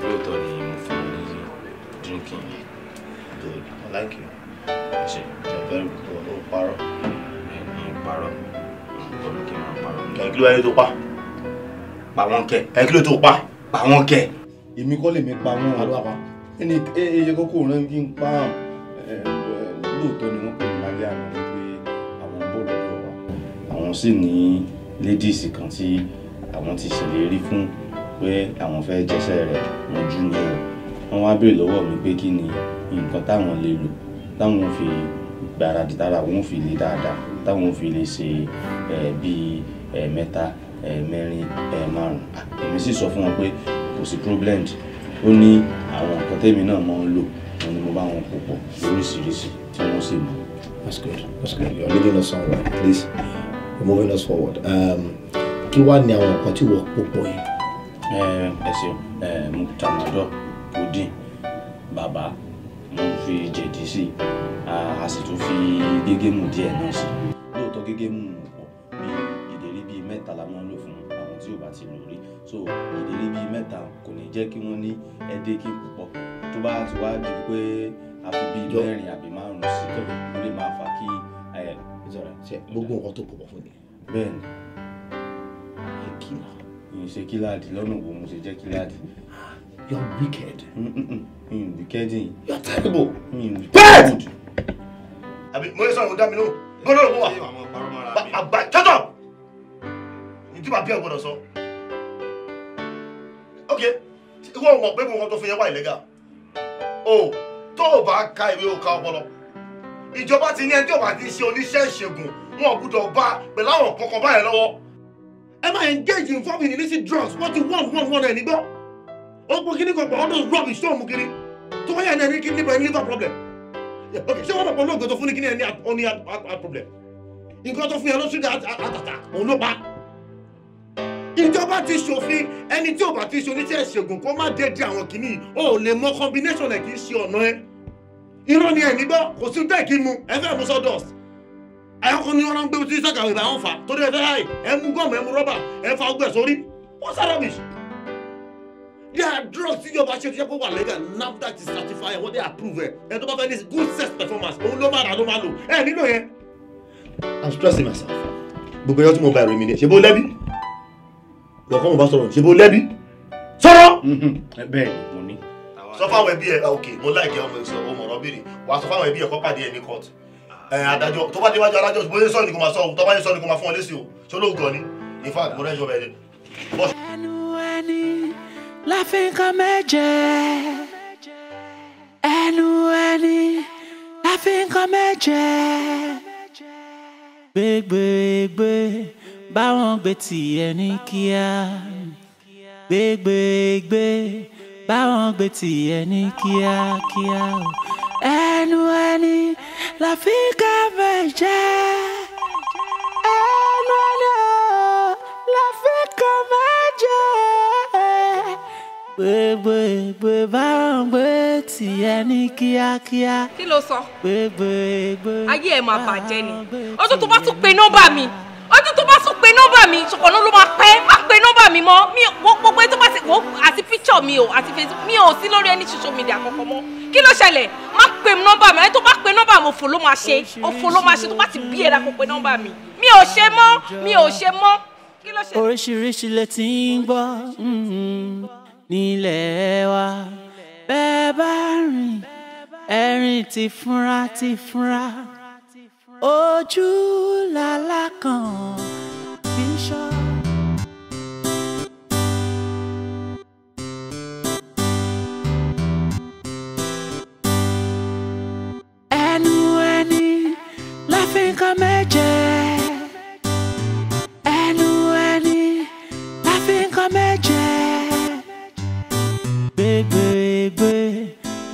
lóòótọ́ ni mo fún mi drinking good i like you. ṣe ìjàmbá ìgbòho ló ń parọ́. ẹ̀yin parọ́ mi máa parọ́ mi. ló wáyé tó pa pa wọ́n kẹ́. ẹ kí ló tó pa. pa wọ́n kẹ́. èmi kọ́ lèmi pa wọ́n aláwa ẹni ẹyẹ kókó rán kí n pa lóòótọ́ ni wọ́n pè mí lálẹ́ àná wípé àwọn bọ́ọ̀lù lọ wa. àwọn sì ní ladies kan tí àwọn ti ṣèlérí fún pé àwọn fẹ́ jẹ́sẹ̀ rẹ̀ wọ́n jú ni o wọ́n wá béèrè lọ́wọ́ mi pé kí ni nǹkan táwọn lè lò táwọn fi gbáradì tára wọn fi lè dáadáa táwọn fi lè ṣe bíi mẹ́ta ẹ̀ẹ̀mẹrin eh, ẹ̀ẹ̀márùn eh, ah, èmi sì sọ fún wọn pé kò sí problem ó ní àwọn nǹkan tẹ́mi náà máa ń lò wọn ni mo bá wọn kó pọ̀ lóríṣiríṣi tí wọ́n sì mọ̀. that's good that's good you are leading us on right please you are moving us forward. Um, kí wàá ní àwọn nǹkan tí wọ́n kó pọ̀ yẹn. Eh, ẹ ṣeun mo tàmádọ́ kudin bàbá mo fi jẹ̀dí sí i a sì tún fi gégémù díẹ̀ náà sí i lóòótọ́ gégémù àti ròrí so ìdílé bíi mẹ́ta kò ní jẹ́ kí wọ́n ní ẹ̀ẹ́dẹ́kì púpọ̀ tó bá ti wá di pé a bíi mẹ́rin àbí márùn-ún sí ó lè máa fà kí gbogbo nǹkan tó pọ̀ fún mi. bẹ́ẹ̀ni ìṣe kíláàdì lọ́nà wo mo ṣe jẹ́ kíláàdì. you are wicked. Mm, wicked mm, mm. yìí. you are terrible. bẹ́ẹ̀. àbí mo yẹ sọ̀rọ̀ mo dá mi lóhùn gbọ́dọ̀ ló wà. àbá ìtú bàbá ẹ̀ gbọ́dọ̀ sọ. ok ìwọ mọ̀ pé mo wọn tó fi yẹn wà ìlẹ́gà o tó o bá ka ìwé o ka ọpọlọ ìjọba ti ní ẹni tí o bá ti ṣe oníṣẹ́ ìṣègùn wọn ò gbúdọ̀ bá pẹ̀lú àwọn kankan báyẹn lọ́wọ́ ẹ máa engage in farming illicit drugs wọ́n ti wọ́n wọ́n wọ́n ẹni gbọ́ ó gbọ́ kí ní kan pa all those rubbish tó mú kiri tó wáyà ní ẹni kí ní bẹ̀rẹ̀ liver problem ok ṣé wọ́n pàpọ̀ lóògùn tó fún ní kí ní ẹni ó ní heart problem nǹkan tó fún yẹn ló ṣúgà àtàtà òun ló pa ìjọba ti ṣòfin ẹni tí ò bá ti ṣe ìṣègùn kó má dédé àwọn kìíní o ò lè mọ combination ẹ̀ kì í ṣe ọ̀nà ẹ irọ́ ni ẹ̀ nígbọ́ kò sí tẹ́ kí mu ẹ fẹ́ mu sawdust ẹ̀kọ́ ni wọ́n ń gbé sí sàkàwé ìbá wọn fà torí ẹ fẹ́ láì ẹ mú gọ́ọ̀mù ẹ mú rọ́bà ẹ fa ọgbẹ́ sórí wọ́n sára bì there are drugs tíjọba ṣe ṣe kó wà lẹ́gà NAFDAC ti wọ́n dé approve I'm stressing myself gbogbo ẹjọ́ tí mo bá ẹ̀rọ lọ́kọ́ mo bá sọ̀rọ̀ ṣe bó lẹ́bi sọ̀rọ̀. bẹ́ẹ̀ ni mo ní. sọ fáwọn ẹbí ẹ òkè mo láì ọmọ ìṣọ ọmọ ọ̀rọ̀bìnrin wà sọ fáwọn ẹbí ẹ kọ́ pàdé ẹ ní court adájọ́ tó bá dé wájú adájọ́ bóyá sọ ni kò máa sọ òun tó bá yẹ sọ ni kò máa fún ọ lésì o ṣé olóògùn ni in fact mo rẹ́jọ bẹ̀rẹ̀. ẹnu ẹni láfínkàn méje ẹnu ẹni láfínkàn méje gbégbégbé báwọn gbé tiẹ̀ ní kíá gbégbégbé báwọn gbé tiẹ̀ ní kíákíá ẹnu ẹni làfi ká mẹ̀jẹ̀ ẹnu ẹni làfi ká mẹ̀jẹ̀ gbégbégbé báwọn gbé tiẹ̀ ní kíákíá. kí ló sọ. gbégbégbé báwọn gbé tiẹ̀ ní kíákíá. ayé ẹ̀ máa bàjẹ́ ni ọjọ́ tó bá tún pe nọ́mbà mi ọdún tó bá tún pe nọ́mbà mi ṣọ̀kànná ló máa pẹ́ má pe nọ́mbà mi mọ́ mi gbogbo tó bá ti wò àti píchọ̀ mi ò àti facebook mi ò sí lórí ẹni social media kankan mọ́ kí ló ṣẹlẹ̀ má pe nọ́mbà mi ẹni tó bá pe nọ́mbà mi òfò ló máa ṣe òfò ló máa ṣe tó bá ti bí ẹ̀dá kó pe nọ́mbà mi mi ò ṣe mọ́ mi ò ṣe mọ́ kí ló ṣẹlẹ̀. oríṣiríṣi lè ti ń gbọ́ mm-hmm, nílẹ̀ wa bẹ́ẹ̀ bá rìn ẹ̀rín ti fúnra ti fúnra ojú làlá kan fi ṣọ́. ẹnu ẹni la fi ń kan méje. ẹnu ẹni la fi ń kan méje. gbégbégbé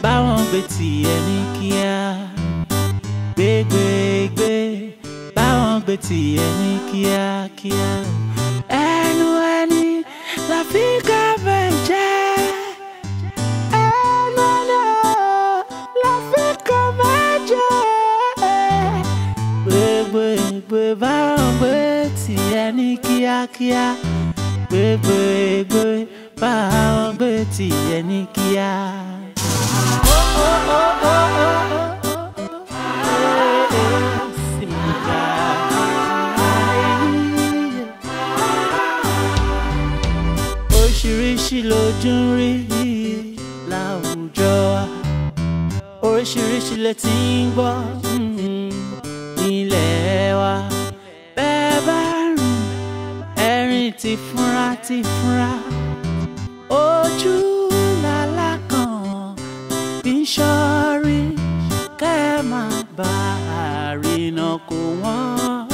báwọn gbé tiẹ̀ ní kíá. sauti yenye kiakia enweni lafika venje enweni lafika venje gbegbegbe baombe ti yenye kiakia gbegbegbe baombe ti yenye kia. Oh, oh, oh, oh, oh. oh. fojú rí láwùjọ oríṣiríṣi lè ti ń gbọ́ mm-hmm, nílẹ̀ wa bẹ́ẹ̀ bá rìn ẹ̀rín ti fúnra ti fúnra ojú làlá kan fi ń ṣọ́rí kẹ́ má bàa rìnà kó wọ́n.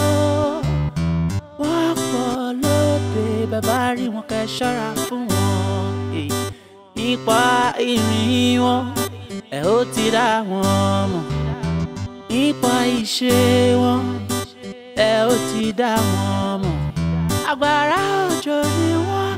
bẹ́ẹ̀ bá rí wọn kẹ́ ṣọ́ra fún wọn nípa ìrìn wọn ẹ ó ti dá wọn mọ̀ nípa ìṣe wọn ẹ ó ti dá wọn mọ̀ àgbàrá òjò ni wọ́n.